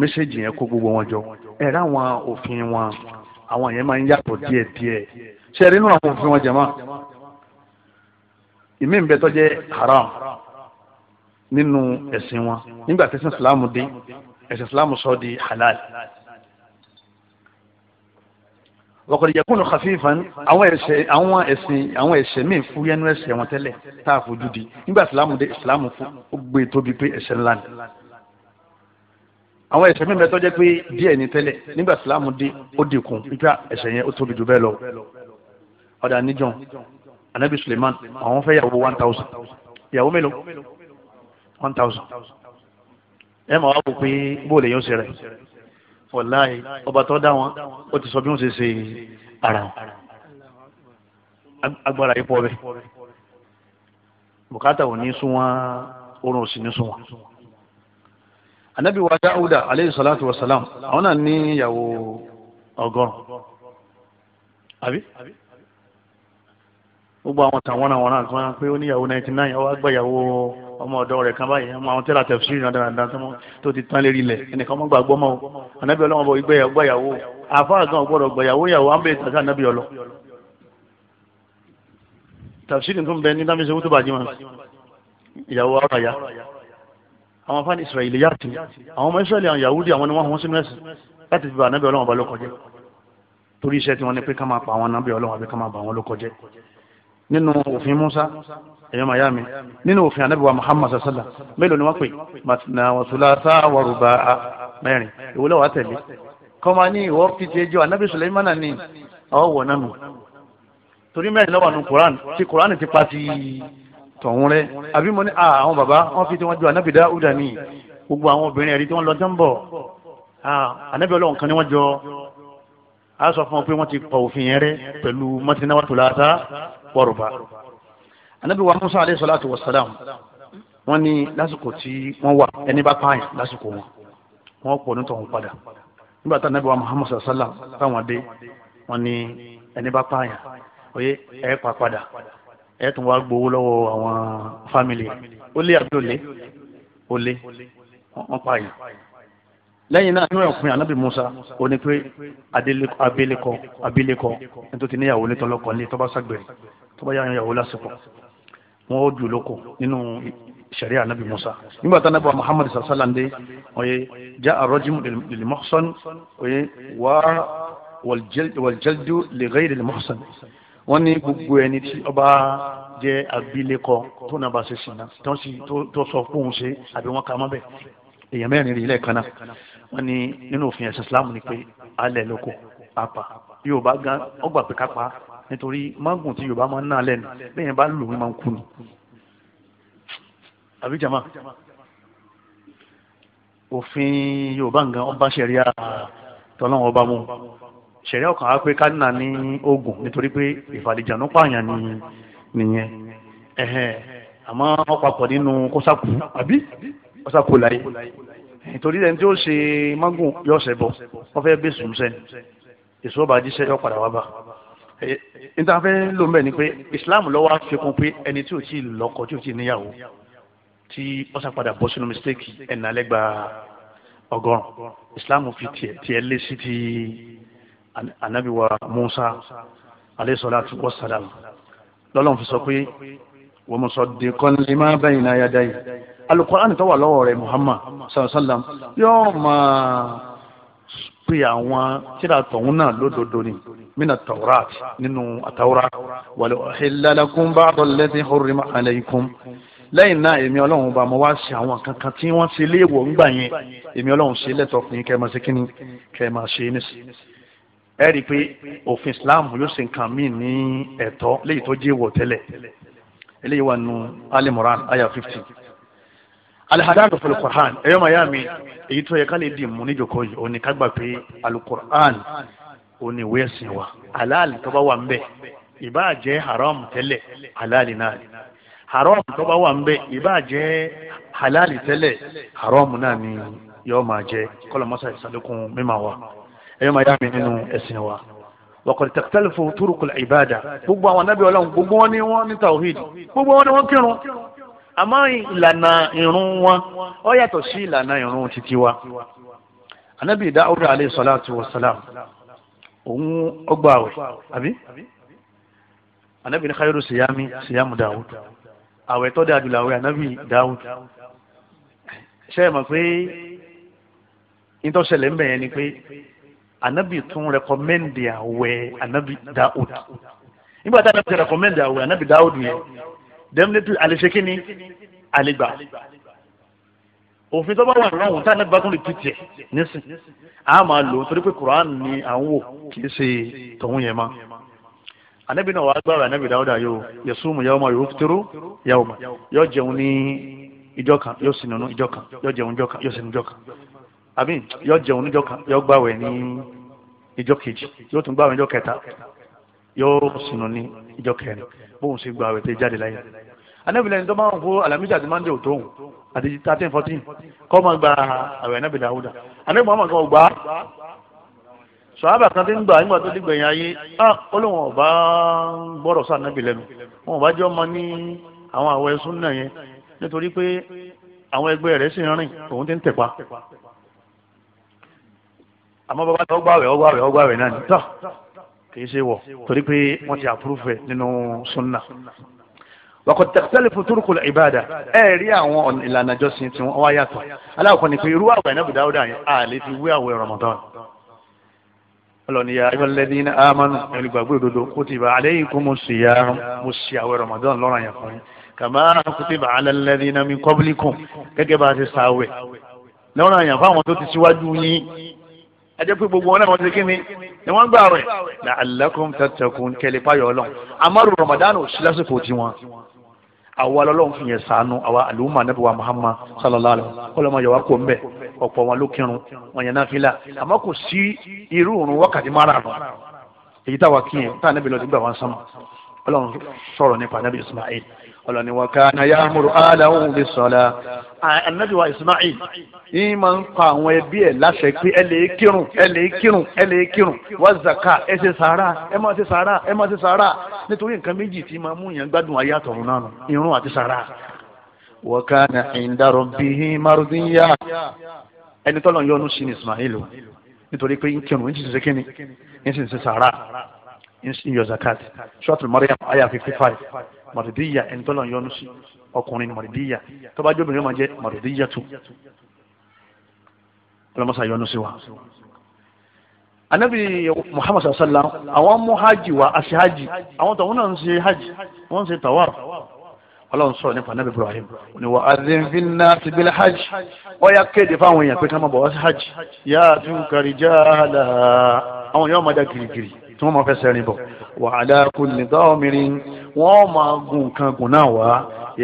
mẹ́sẹ̀gì yẹn kó gbogbo wọn jọ ẹ̀rọ àwọn òfin wọn àwọn yẹn máa ń yàtọ̀ díẹ̀ díẹ̀ ṣe rí nínú àwọn wọn jẹ̀mọ́ ìmí ń bẹ haram nínú ẹ̀sìn wọn nígbà tí ẹ̀sìn Islam dé ẹ̀sìn Islam sọ di halal wọ́kọ̀dé yakunu khafifan àwọn ẹ̀ṣẹ̀ àwọn ẹ̀sìn àwọn ẹ̀ṣẹ̀ míì fún yẹnu ẹ̀ṣẹ̀ wọn tẹ́lẹ̀ tá a fojú di nígbà ìsìlámù dé ìsìlámù fún ó gbé e tóbi pé ẹ̀ṣẹ̀ ńlá ni. àwọn ẹ̀ṣẹ̀ míì mẹ́tọ́ jẹ́ pé díẹ̀ ní tẹ́lẹ̀ nígbà ìsìlámù dé ó dínkù nígbà ẹ̀ṣẹ̀ yẹn ó tóbi jù bẹ́ẹ̀ lọ. ọ̀dà níjọ́n anabi suleiman àwọn fẹ́ yàwó one thousand yàwó mélòó one thousand ẹ̀ máa wá bò pé bóòlù yẹn ó ṣe wọláyé ọba tó dá wọn ó ti sọ bí wọn ṣe ṣe ara wọn agbára yìí pọ̀ bẹ bùkátà ò ní sún wọn oorun ò sì ní sún wọn. anabi wa Dauda aleyhi salatu wa salam àwọn náà ní ìyàwó ọgọ́rùn àbí gbogbo àwọn tàwọn àwọn náà sọ pé ó níyàwó ninety nine ọwọ́ agbáyàwó ọmọ ọ̀dọ́ rẹ̀ kan báyìí ọmọ àwọn tẹ́lá tẹ̀síìrì náà dáadáa tó ti tán lérí ilẹ̀ ẹnìkan ọmọ gbàgbọ́ mọ́ o ànábì ọlọ́wọ́n bọ̀ ìgbéyàwó gbàyàwó àfáà gan ọgbọ́dọ̀ gbàyàwó yàwó àmbẹ̀ tàṣà ànábì ọlọ́ tafsiri tún bẹ ní dámísẹ wútó bàjí ma ìyàwó ara ya àwọn fáni israẹli yá àwọn ọmọ israẹli ni wọn wọn sínú ẹsìn láti fi bá anábì Ọlọ́run ọba ló kọjẹ torí iṣẹ́ tí wọn ní pé ká máa pa àwọn anábì Ọlọ́run àbí ká máa bá wọn ló nínú òfin Musa ẹ̀yọ́ mayami nínú òfin anabiwa Muhammad sasala mélòó ni wọ́n pè matina wasulasa waruba mẹ́rin ìwúlẹ̀ wàá tẹ̀lé kọ́má ní ìwọ́ fìdí ẹjọ́ anabi Sulaimana ní ọwọ́ nánu torí mẹ́rin lọ́wọ́ nu Quran ti Quran ti pa ti tọ̀hún rẹ àbí mo ní àwọn bàbá wọn fi tí wọ́n ju anabi Dáúdà ní gbogbo àwọn obìnrin ẹ̀rí tí wọ́n lọ jọ́ ń bọ̀ anabi Ọlọ́run kan ni wọ́n jọ a sọ fún ọ pé wọ́n ti pa òfin yẹn rẹ pẹ̀lú mọ́tínáwá tó láta pọ̀rọ̀bà anabi wa musa aleyhi salatu wa salam wọ́n ní lásìkò tí wọ́n wà ẹni bá pààyàn lásìkò wọn wọ́n pọ̀ nítorí wọn padà nígbà tá anabi wa muhammad sallam táwọn dé wọ́n ní ẹni bá pààyàn oye ẹ pa padà ẹ tún wá gbowó lọ́wọ́ àwọn fámìlì ó lé àbí ó lé ó lé wọ́n pààyàn lẹ́yìn náà inú ẹ̀kùn anábì musa ó ní pé abilékọ abilékọ ní tó ti níyàwó ní tọ́lọ́kọ ní tọ́ba ságbèrè tọ́ba yà yàwó lásìkò wọn ó jù lóko nínú sariya anabi musa nígbà tá anabi muhammad sassalande oye ja arojim lil muhsan oye wa waljaldu li ghayri lil muhsan wọn ní gbogbo ẹni tí ọba jẹ abilékọ tó náà bá ṣe sìnà tó sọ fóun ṣe àbí wọn kà á mọ bẹ èèyàn mẹ́rin rí lẹ́ẹ̀kan náà wọ́n ní nínú òfin ẹ̀sìn islam ni pé alẹ́ lóko apá yorùbá gan ọgbà pé kápá nítorí mágùn tí yorùbá máa ń ná lẹ́nu bẹ́ẹ̀ bá lù wọ́n máa ń kú ni àbí jama òfin yorùbá gan ọba ṣẹ̀ríà tọ́lọ́wọ́n ọba mu ṣẹ̀ríà ọkàn á pé ká nà ní ogun nítorí pé ìfàdíjànú pààyàn nìyẹn ẹ̀hẹ̀ àmọ́ ọ̀pọ̀ nínú kọ́sákù àbí kọ́sákù láyé nítorí ẹni tí ó ṣe mágùn yóò ṣẹbọ wọ́n fẹ́ bẹ́ẹ̀ sùn sẹ́ni èso ọba àdìsẹ́ yóò padà wá bá níta fẹ́ ló ń bẹ̀ ni pé Islam lọ́wọ́ àfikún pé ẹni tí ò tí ì lọ́kọ tí ò tí ì níyàwó tí wọ́n sá padà bọ́ sínú mistake ẹ̀nà lẹ́gba ọgọ́rùn Islam fi tiẹ̀ lé sí ti anabiwa Musa alayhi salatu wassalam lọ́lọ́run fi sọ pé wa musaddiqan lima bayna yadayhi alukur'an tó wà lọ́wọ́ rẹ̀ muhammad sallam yóò máa pe àwọn tíra tọ̀hún náà lódodo ni mina tawrat nínú àtàwọ́rá wàlẹ̀ ọ̀hìnlẹ́lẹ́kùn bá bọ̀ lẹ́sìn horima alaykum lẹ́yìn náà èmi ọlọ́run bá mo wá ṣe àwọn kankan tí wọ́n ṣe léèwọ̀ ńgbà yẹn èmi ọlọ́run ṣe lẹ́tọ̀ọ́ fún yín kẹ́ ẹ máa ṣe kíni kẹ́ ẹ máa ṣe é nísì ẹ rí i pé òfin islam yóò ṣe nǹkan míì ní ẹ̀tọ́ léyìí tó jẹ́ ìwọ̀ tẹ́lẹ̀ eléyìí wà nù alimoran aya fifteen alihadanu fún alukur'an ẹ̀yọ́ màá yá mi èyí tó yẹ ká lè di mú níjòkó yìí òní ká gbà pé alukur'an òní ìwé ẹ̀sìn wa aláàlì tó bá wà ń bẹ̀ ìbá jẹ́ haram tẹ́lẹ̀ aláàlì náà ni haram tó bá wà ń bẹ̀ ìbá jẹ́ halali tẹ́lẹ̀ haram náà ni yọ́ máa jẹ́ kọ́lọ́mọ́sá ìsàlẹ̀kùn mímà wa ẹ̀yọ́ màá yá mi nínú ẹ̀sìn wa wakọ̀dì tẹ̀kítẹ́lifù túrùkù ìbáàdà gbogbo àwọn anábìọ́lá gbogbo wọn ni wọ́n gbogbo wọn ni wọ́n kírun àmọ́ ìlànà irun wọn ó yàtọ̀ sí ìlànà irun títí wa anabi dawud alayhi salatu wa salam òun ọgbà àwẹ̀ àbí anabi ní khayru siyami siyamu dawud àwẹ̀ tó dáa anabi dawud ṣe é mọ̀ pé ìtọ́sẹ̀lẹ̀ ń bẹ̀yẹn ni pé anabi tún rẹkọmẹ́ndì àwẹ̀ anabi dawud nígbà tí anabi rẹkọmẹ́ndì àwẹ̀ anabi dawud yẹn definitely àlèṣe ni àlègbà òfin tó bá wà lọ́hùn tá a nẹ́bí bá tún lè pìtì ẹ̀ nísìn a máa lò torí pé Quran ni à ń wò kì í ṣe tòun yẹn mọ́ anabi náà wàá gbára anabi dáwọ́dà yóò yasumu yawma yuftiru yawma yóò jẹun ní ìjọ kan yóò sì nínú ìjọ kan yóò jẹun ìjọ kan yóò sì nínú ìjọ kan àbí yóò jẹun níjọ kan yóò gbàwẹ̀ ní ìjọ kejì yóò tún gbàwẹ̀ níjọ kẹta yóò sinu ní ìjọ kẹrin bóun sì gba àwẹ̀ tẹ jáde láyé anábìlẹ̀ ní tó máa ń fún alamisa àti mande ò tóun àti thirteen fourteen kọ́ máa gba àwẹ̀ anábìlẹ̀ àwùdà anábìlẹ̀ muhammad kan ò gbà á sọ̀hábà kan ti ń gbà nígbà tó dìgbà yẹn ayé ah olóhùn ọba gbọ́dọ̀ sọ anábìlẹ̀ nu wọn ò bá jẹ́ ọmọ ní àwọn àwẹ̀ súnà yẹn nítorí pé àwọn ẹgbẹ́ rẹ̀ sì ń rìn òun ti ń tẹ̀pa àmọ́ bàbá tó gbàwẹ̀ ọgbàwẹ̀ ọgbàwẹ̀ náà ni tọ́ kì í ṣe wọ̀ torí pé wọ́n ti àpúrúfẹ̀ nínú sunna wàkọ̀tí tẹ̀sílẹ̀ fún turuku ìbàdà ẹ̀ rí àwọn ìlànà ìjọsìn tí wọ́n wá yàtọ̀ aláwọ̀kọ́ ni pé irú àwẹ̀ náà bùdáwọ́dà yẹn a lè fi wé àwẹ̀ Ramadan ọlọ́niyà ayọ̀lẹ́dí ní ẹlùgbàgbé òdodo kutiba alaykumu siyam mo ṣe àwẹ̀ Ramadan lọ́rọ̀ yẹn fún yín kàmá kutiba alẹ́lẹ́dí ní min qablikum gẹ́gẹ́ bá a ti sàwẹ̀ lọ́rọ̀ yẹn fún àwọn tó ti síwájú yín ajẹ́ pé gbogbo wọn náà wọ́n ti kí ni ni wọ́n gbà rẹ̀ na alakum tatakun kẹlẹ́ fáyọ̀ ọlọ́run amaru ramadan ò sí lásìkò tiwọn àwa lọ́lọ́run fi yẹn sànú àwa àlùmọ́ anabi wa muhammad sallallahu alayhi wa sallam ọlọ́mọ yẹn wá kó mbẹ ọ̀pọ̀ wọn ló kírun wọn yẹn náà fi là àmọ́ kò sí irú òrùn wákàtí márùn-ún èyí táwa kí yẹn tá anabi lọ́ọ́ ti gbà wọn sánmọ́ ọlọ́run sọ̀rọ̀ nípa anabi ismail ọlọ́ni wa kana ya'muru ahlahu bis-salah. anabi wa ismail yìí máa ń pa àwọn ẹbí ẹ̀ láṣẹ pé ẹ lè kírun ẹ lè kírun ẹ lè kírun wá zaka ẹ ṣe sàárà ẹ máa ṣe sàárà ẹ máa ṣe sàárà nítorí nǹkan méjì tí máa mú yàn gbádùn ayé àtọ̀run náà nù irun àti sàárà. wa kana 'inda rabbihi mardiyya ẹni tọ́lọ̀ yọ́nú sí ni ismail o nítorí pé ń kírun ń sì ṣe kíni ń sì ṣe sàárà ń yọ zakat Suratul Maryam àyà fifty five mọ̀rìdíyà ẹni tọ́lọ̀ ń yọnu sí ọkùnrin mọ̀rìdíyà tó bá jóbìnrin máa jẹ́ mọ̀rìdíyà tù ọlọ́mọsá yọnu sí wa. anabi muhammad sallam àwọn mú hajj wa àṣẹ hajj àwọn tó wọn náà ń ṣe hajj wọn ń ṣe tawaf ọlọ́run sọ̀rọ̀ nípa anabi ibrahim ni wa azinfinna ti bil hajj wọ́n yá kéde fáwọn èèyàn pé ká má bọ̀ wá sí hajj yá tún kàrí jáàlá àwọn yóò má dá girigiri tí wọ́n máa fẹsẹ̀ rìn bọ̀ wà á dáa kú ní dá omirin wọ́n máa gun nǹkan gùn náà wá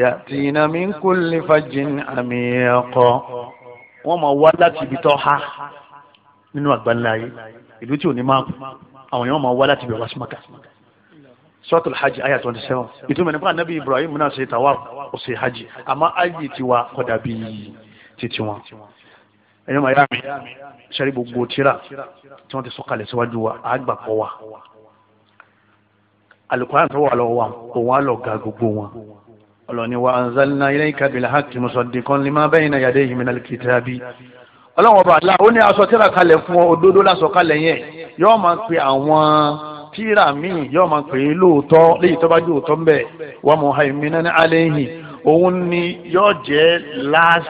yàtì ìnàmí ń kú lè fàjìn àmì ẹ̀kọ́ wọ́n máa wá láti ibi tó há nínú àgbáńlá ayé ìlú tí ò ní máa kú àwọn èèyàn máa wá láti ibi ọ̀wá sí maka hajj ayah twenty seven ìtumọ̀ nípa anabi ibrahim náà ṣe tawaf ó hajj àmọ́ ayé tiwa kódà bíi titiwọn ẹ̀yọ́ màá yá mi ṣẹ́rí gbogbo tíra tí wọ́n ti sọ̀kalẹ̀ síwájú wa àgbà kọ́ wa alukóyà tó wà lọ́wọ́ wa òun á lọ ga gbogbo wọn ọlọ́ni wa anzalna ilayka bil haqqi musaddiqan lima bayna yadayhi minal kitabi ọlọ́run ọba àlá ó ní aṣọ tíra kalẹ̀ fún òdodo lásọ kalẹ̀ yẹn yọ́ọ́ máa pe àwọn tíra míì yọ́ọ́ máa pè é lóòótọ́ léyìí tó bá jẹ́ òótọ́ ńbẹ̀ wa muhaiminan alayhi òun ni yọ́ọ́ jẹ́ last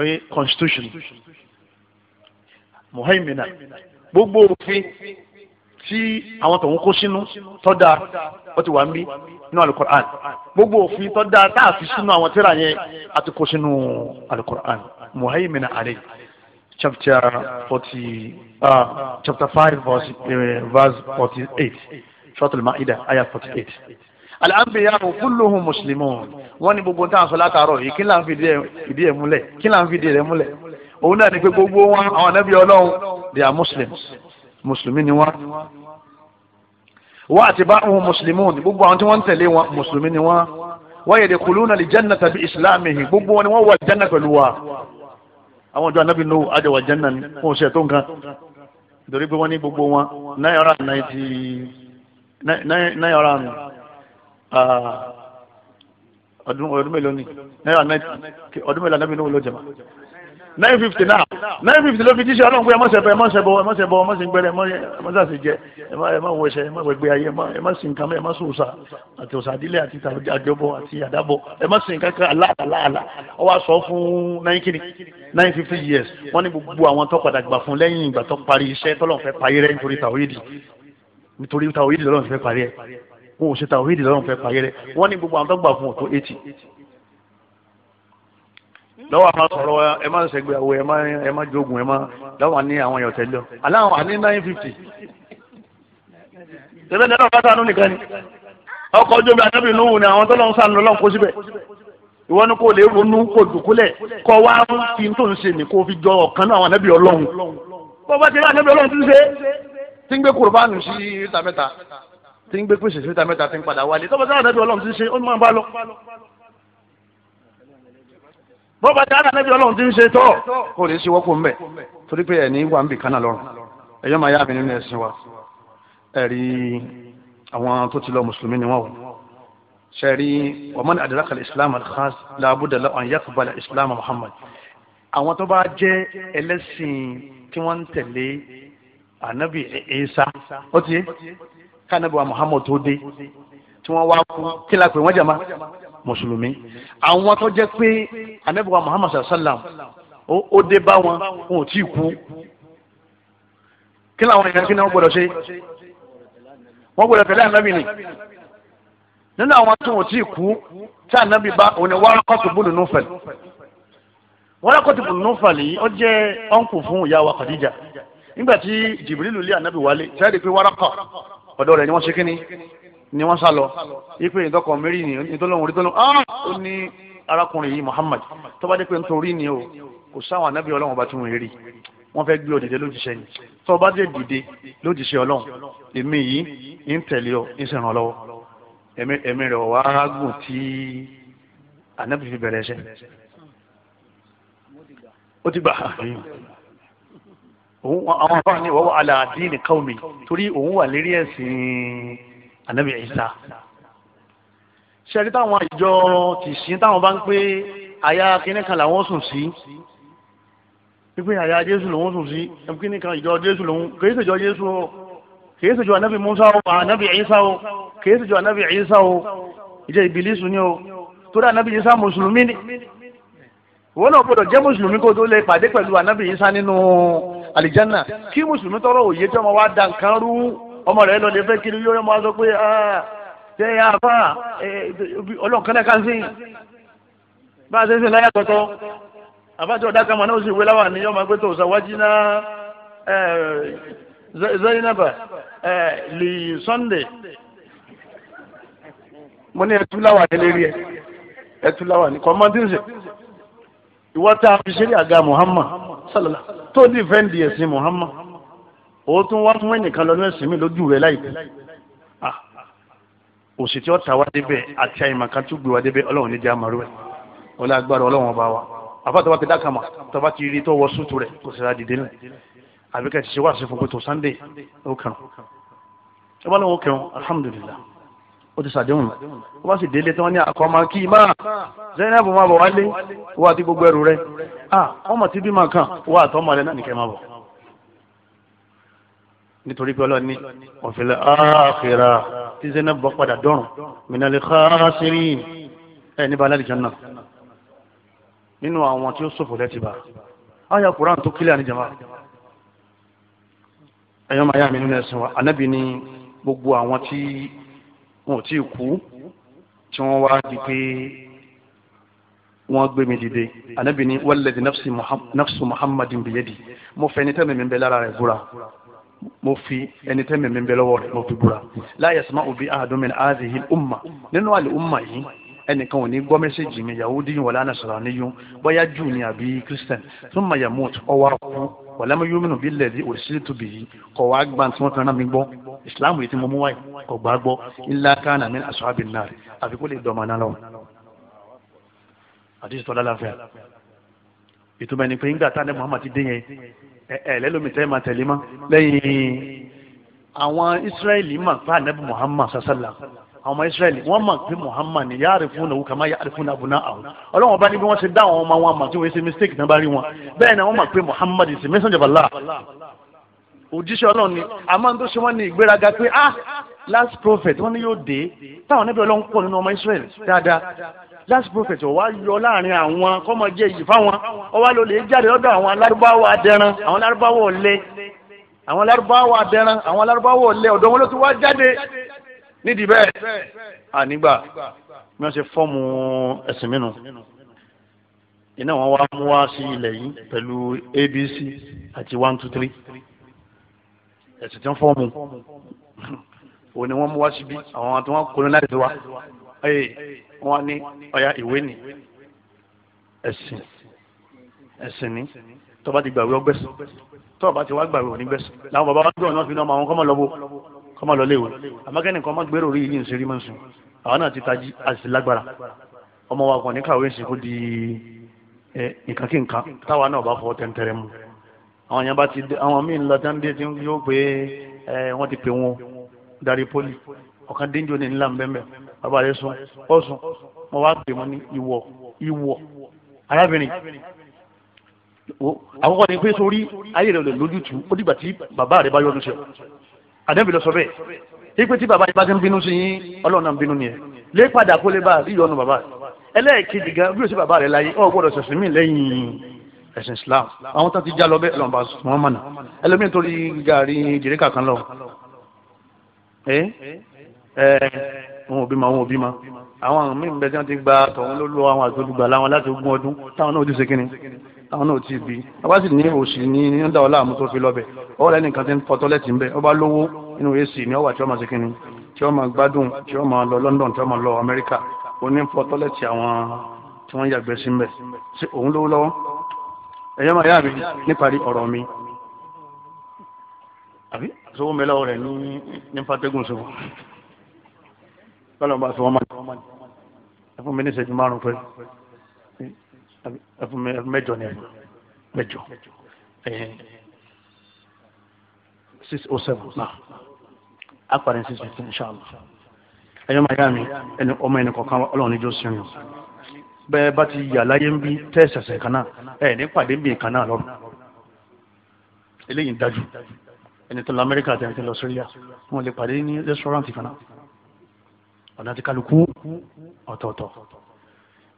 eh, constitution muhaimina gbogbo òfin tí àwọn tòun kó sínú tọ́da ó ti wà ń bí nínú alukur'an gbogbo òfin tọ́da tá a fi sínú àwọn tíra yẹn a ti kó sínú alukur'an muhaimina alayhi chapter forty uh, chapter five verse, uh, verse forty eight suratul ida ayah forty eight al'anbiya kulluhum muslimun wọ́n ní gbogbo táwọn sọ látàárọ̀ yìí kí là ń fi ìdí ẹ̀ múlẹ̀ kí fi ìdí rẹ̀ múlẹ̀ òun náà ni pé gbogbo wọn àwọn ànábì ọlọ́run they are muslims mùsùlùmí ni wọ́n wọ́n àti bá wọn mùsùlùmí gbogbo àwọn tí wọ́n ń tẹ̀lé wọn mùsùlùmí ni wọ́n wọ́n yẹ de kulu na lè jẹ́nà tàbí ìsìláàmì yìí gbogbo wọn ni wọ́n wà jẹ́nà pẹ̀lú wa àwọn ọjọ́ anábì nù àjẹwà jẹ́nà ni fún oṣù ẹ̀tọ́ nǹkan nítorí pé wọ́n ní gbogbo wọn náírà náìtì náírà ọdún mélòó ni náírà náìtì ọdún mélòó anábì nù ló jẹ́ nine fifty náà nine fifty ló fi jíṣẹ́ ọlọ́run pé ẹ má ṣẹbọ ẹ má ṣẹbọ ẹ má ṣẹbọ ẹ má sì ń gbẹrẹ ẹ má sàṣì jẹ ẹ má ẹ má wẹṣẹ ẹ má wẹgbẹ ayé ẹ má sì nǹkan ẹ má sùn òòṣà àti òòṣà àdílé àti àjọbọ àti àdàbọ ẹ má sì nǹkan kan aláàlá ọ wá sọ fún nine kini nine fifty years wọ́n ní gbogbo àwọn tó padà gbà fún lẹ́yìn ìgbà tó parí iṣẹ́ tọ́lọ́run fẹ́ parí rẹ nítorí tàwídì nítorí tàwídì lọ́lọ́run fẹ́ parí ẹ wọn ò ṣe tàwídì lọ́lọ́run fẹ́ parí rẹ wọ́n ní gbogbo àwọn tó gbà fún ọ̀tọ̀ eighty lọ́wọ́ àwọn sọ̀rọ̀ ẹ má ṣègbéyàwó ẹ má ẹ má jogun ẹ má lọ́wọ́ ní àwọn èèyàn tẹ́lẹ̀ aláwọ̀ àní nine fifty tẹ́lẹ̀ tẹ́lẹ̀ ọ̀gá sànú nìkan ni ọkọ̀ ojú omi àtẹ́bí nùhùn ni àwọn tọ́lọ́ ń sànú lọ́n kó síbẹ̀ ìwọ ni kò lè ronú kò dùkúlẹ̀ kọ́ wá fi tó ń ṣe ní kó fi jọ ọ̀kan náà àwọn ànábì ọlọ́run bó bá ti rí ànábì ọlọ́run ti ṣe tí ń gbé kùrùbánù sí ìta mẹ́ta tí ń gbé pèsè sí ìta mẹ́ta tí ń padà wálé tó bọ́ọ̀bá tí àná níbi ọlọ́run ti ń ṣe tọ́ kò lè ṣíwọ́ kó ń bẹ̀ torí pé ẹ̀ní wà ń bì kánà lọ́rùn ẹ̀yọ́ máa yá mi nínú ẹ̀sìn wa ẹ̀rí àwọn tó ti lọ mùsùlùmí ni wọ́n wò ṣẹ̀rí ọmọdé adraka islam alkhas làbúdà an yaqbala islam muhammad àwọn tó bá jẹ́ ẹlẹ́sìn tí wọ́n ń tẹ̀lé ànábì Ìsá ó ti yé wa muhammad tó dé tí wọ́n wá kú kí la pè wọ́n jàmá mùsùlùmí àwọn tó jẹ́ pé anabiwa muhammad sallam ó dé bá wọn wọn ò tí ì kú kí làwọn èèyàn kí ni wọ́n gbọ́dọ̀ ṣe wọ́n gbọ́dọ̀ tẹ̀lé anabi ni nínú àwọn tó wọn ò tí ì kú tí anabi bá òun ni Waraqatu bun Nufal Waraqatu bun Nufal yìí ó jẹ́ ọ̀nkù fún ìyá wa Khadija nígbà tí Jibrilu lé anabi wálé sẹ́yìn pé Waraqa ọ̀dọ̀ rẹ̀ ni wọ́n ṣe kí ni ni wọ́n sá lọ ipe ìdọ́kọ̀ mẹ́rì ni ìdọ́lọ́wọ̀n orí tọ́lọ́ ah! ó ní arákùnrin yìí Muhammad tó bá dé pé nítorí ni o kò sáwọn anábì ọlọ́wọ̀n bá ti wọ́n rí wọ́n fẹ́ gbé ọ dìde lójíṣẹ́ ni tó bá dé dìde lójíṣẹ́ ọlọ́wọ̀n èmi yìí ń tẹ̀lé ọ ń sẹ̀ràn lọ́wọ́ ẹ̀mí rẹ̀ wá gùn tí anábì fi bẹ̀rẹ̀ ẹsẹ̀ ó ti gbà àwọn afáàní wọ́n wà aládìní káwmi torí òun wà lérí ẹ̀sìn anabi isa ṣẹ́rí táwọn ìjọ ti sin táwọn bá ń pé àyà kínníkan làwọn sùn sí pípé àyà jésù lòun sùn sí kínníkan ìjọ jésù lòun kìí ṣèjọ jésù o kìí ṣèjọ anabi musa o anabi isa o kìí ṣèjọ anabi isa o ìjẹ ìbílísù ni o torí anabi isa mùsùlùmí ni wọn náà gbọ́dọ̀ jẹ́ mùsùlùmí kó tó lè pàdé pẹ̀lú anabi isa nínú àlìjánà kí mùsùlùmí tọrọ òye tí wọn wá da nǹkan rú ọmọ rẹ̀ lọ lè fẹ́ kiri yóò máa sọ pé ah, ṣé ẹ àfa ọlọ́ọ̀kan sí bá a ṣe ń sìn láyà àbájọ mọ̀ náà ó sì wé láwà ní tó ṣàwájú Zainaba lè Sunday mo ní ẹtú láwà ní lérí fi àga Muhammad. ó tún wá tún ẹnìkan lọ ní ẹ̀sìn mi lójú rẹ̀ láìpẹ́ òsì tí ó ta wá débẹ̀ àti àyìnbá kan tún gbé wá débẹ̀ ọlọ́run ní jẹ́ àmàrú ẹ̀ ọlá agbára ọlọ́run ọba wa àbátọ̀ bá ti dákàmà tó bá ti rí tó wọ sútù rẹ̀ kò sì rà dìde nù àbí ká ti ṣe wá sí fún kótó sunday ó kẹrùn ó bá lóun ó kẹrùn alhamdulillah ó ti sàdéhùn ó bá sì délé tí wọ́n ní àkọ́ máa kí máa Zainab máa bọ̀ wálé wọ́n àti gbogbo ẹrù rẹ̀ ah ọmọ ti bí máa kàn wọ́n àtọ́ máa rẹ̀ náà nìkẹ́ máa bọ̀ nítorí pé ọlọ́run ní ọ̀fẹ́lẹ̀ àkèrà tí zainab bọ́ padà dọ́rùn mìnàlẹ̀ káàsìrì ẹ̀ níbà alálìjọ náà nínú àwọn tí ó ṣòfò lẹ́tìbà àyà Qur'an tó kílẹ̀ àníjàmá ẹ̀yọ́ màá yà mí nínú ẹ̀sìn wa anábì ní gbogbo àwọn tí wọn ò tí ì kú tí wọ́n wá di pé wọ́n gbé mi dìde anábì ní walladhi nafsi muhammadin biyadi mo fẹ́ ní tẹ́lẹ̀ mi ń lára rẹ̀ búra mo fi ẹni tẹ́mi mi bẹ lọ́wọ́ rẹ̀ mo fi búra la yasma'u bi ahadun min hadhihi al-umma nínú àlè umma yìí ẹnìkan ò ní gbọ́ mẹ́sẹ̀gì mi yahudi wala nasraniyun bóyá jù ní àbí christian thumma yamut ọwọ́ àkú wa lam yu'minu billadhi ursiltu bihi kọ̀ wá gbà tí wọ́n fi rán mi gbọ́ islam yìí tí mo mú wáyé kọ̀ gbà gbọ́ illa kana min ashabin nar àfikún lè dọ̀ ìtumọ̀ ẹni pé ńgbà tá ní Muhammad ti dé yẹn ẹ ẹ lẹ́lómi tẹ́ máa tẹ̀lé mọ́ lẹ́yìn àwọn Israẹli mà fún anabi Muhammad sasala àwọn ọmọ Israẹli wọ́n mọ̀ pé Muhammad ni yáàrí fún òun kàmá yáàrí fún abúná àwọn ọlọ́wọ́n bá ní bí wọ́n ṣe dá àwọn ọmọ wọn mọ̀ tí wọ́n ṣe mistake náà bá rí wọn bẹ́ẹ̀ ni wọ́n mọ̀ pé Muhammad is a messenger of Allah òjíṣẹ́ ọlọ́run ni àmọ́ tó ṣe wọ́n ní ìgbéraga pé ah last prophet wọ́n ní yóò dé táwọn níbi ọlọ́run pọ̀ nínú ọmọ Israẹli dáadáa last prophet ọ̀wá yọ láàrin àwọn kọ́mọjẹ yìí fáwọn ọwá ló lè jáde lọ́dọ̀ àwọn alárúbáwò adẹran àwọn alárúbáwò ọ̀lẹ àwọn alárúbáwò adẹran àwọn alárúbáwò ọ̀lẹ ọ̀dọ̀ wọn ló ti wá jáde nídìí bẹ́ẹ̀ ànígbà bí wọ́n ṣe fọ́ọ̀mù ẹ̀sìn mìíràn iná wọn wá mú wá sí ilẹ̀ yìí pẹ̀lú abc àti one two three ẹ̀sìn tí wọ́n fọ́ọ̀mù òun ni wọ́n mú wá síbí àwọn àti wọ́n colonize wa wọ́n ní ọ̀yà ìwé ni ẹ̀sìn ẹ̀sìn ni tó bá ti gbàwé ọgbẹ́sìn tó bá ti wá gbàwé òní gbẹ́sìn làwọn bàbá wọn gbọ́ ọ̀nà fi náà àwọn kọ́mọ lọ́wọ́ kọ́mọ lọ́léèwé àmọ́kẹ́ni kan má gbèrò orí yìí ń ṣe rí mọ́ sùn àwọn náà ti tají àti lágbára ọmọ wa kàn ní kàwé ṣe kó di nǹkan kí nǹkan táwa náà bá fọ tẹ́ntẹ́rẹ́ mu àwọn yẹn bá ti àwọn míì ńlá tí wọ́n dé tí yóò pé wọ́n ti pè wọn darí pólì ọ̀kan dénjọ́ ní ńlá mbẹ́mbẹ́ bàbá rẹ̀ sùn ó sùn mo wá pè mọ́ ní ìwọ ìwọ arábìnrin àkọ́kọ́ ni pé sórí ayé rẹ̀ lójútu ó dìgbà tí bàbá rẹ̀ bá yọdún sí ọ àdébì lọ sọ bẹ́ẹ̀ ipe tí bàbá yìí bá ti ń bínú sí yín ọlọ́run náà ń bínú nìyẹn lé padà kó lè bá rí ìyọnu bàbá rẹ̀ ẹlẹ́ẹ̀kejì gan bí o sì bàbá rẹ̀ láyé ọ̀ gbọ́dọ̀ sẹ̀sìn mí lẹ́yìn ẹ̀sìn Islam àwọn tó ti já lọ bẹ́ẹ̀ lọ́nba wọn mọ̀nà ẹlòmíì torí gàrí jìríkà kan lọ ẹ wọn ò bímọ wọn ò bímọ àwọn míì bẹ tí wọn ti gba tọhún ló lo àwọn àtòlùgbà láwọn láti ogún ọdún táwọn náà ti ṣe kíni táwọn náà ti bí ọba sì ní òsì ní ní dá ọlá àmú tó fi lọbẹ ọwọ lẹni kan ti ń fọ tọlẹtì ń bẹ ọba lówó inú èsì ní ọwà tí wọn máa ṣe kíni tí wọn máa gbádùn tí wọn máa lọ London tí wọn máa lọ Amẹ́ríkà oní fọ tọlẹtì àwọn tí wọn yàgbẹ́ sí ń ṣe òun lówó lọ́wọ́ ẹyọ máa yá mi níparí ọ̀rọ̀ mi àbí sọ wọn bẹ ní ní fatẹgùn sọ kọ́lọ̀ bá sọ wọ́n mọ́ni ẹfún mi ní ìṣẹ́jú márùn pé ẹfún mi mẹ́jọ ni mẹ́jọ six oh seven náà a parí six fifteen oh inshallah ẹ̀yọ́ máa yá mi ẹni ọmọ ẹni kọ̀ọ̀kan ọlọ́run níjọ́ sí mi bẹ́ẹ̀ bá ti yà láyé ń bí tẹ́sẹ̀sẹ̀ kan náà ẹ̀ ní pàdé bíi kan náà lọ́rùn eléyìí dájú ẹni tó lọ amẹ́ríkà àti ẹni tó lọ síríà wọn lè pàdé ní rẹ́sítọ́rántì kan náà ọ̀nà tí kálukú ọ̀tọ̀ọ̀tọ̀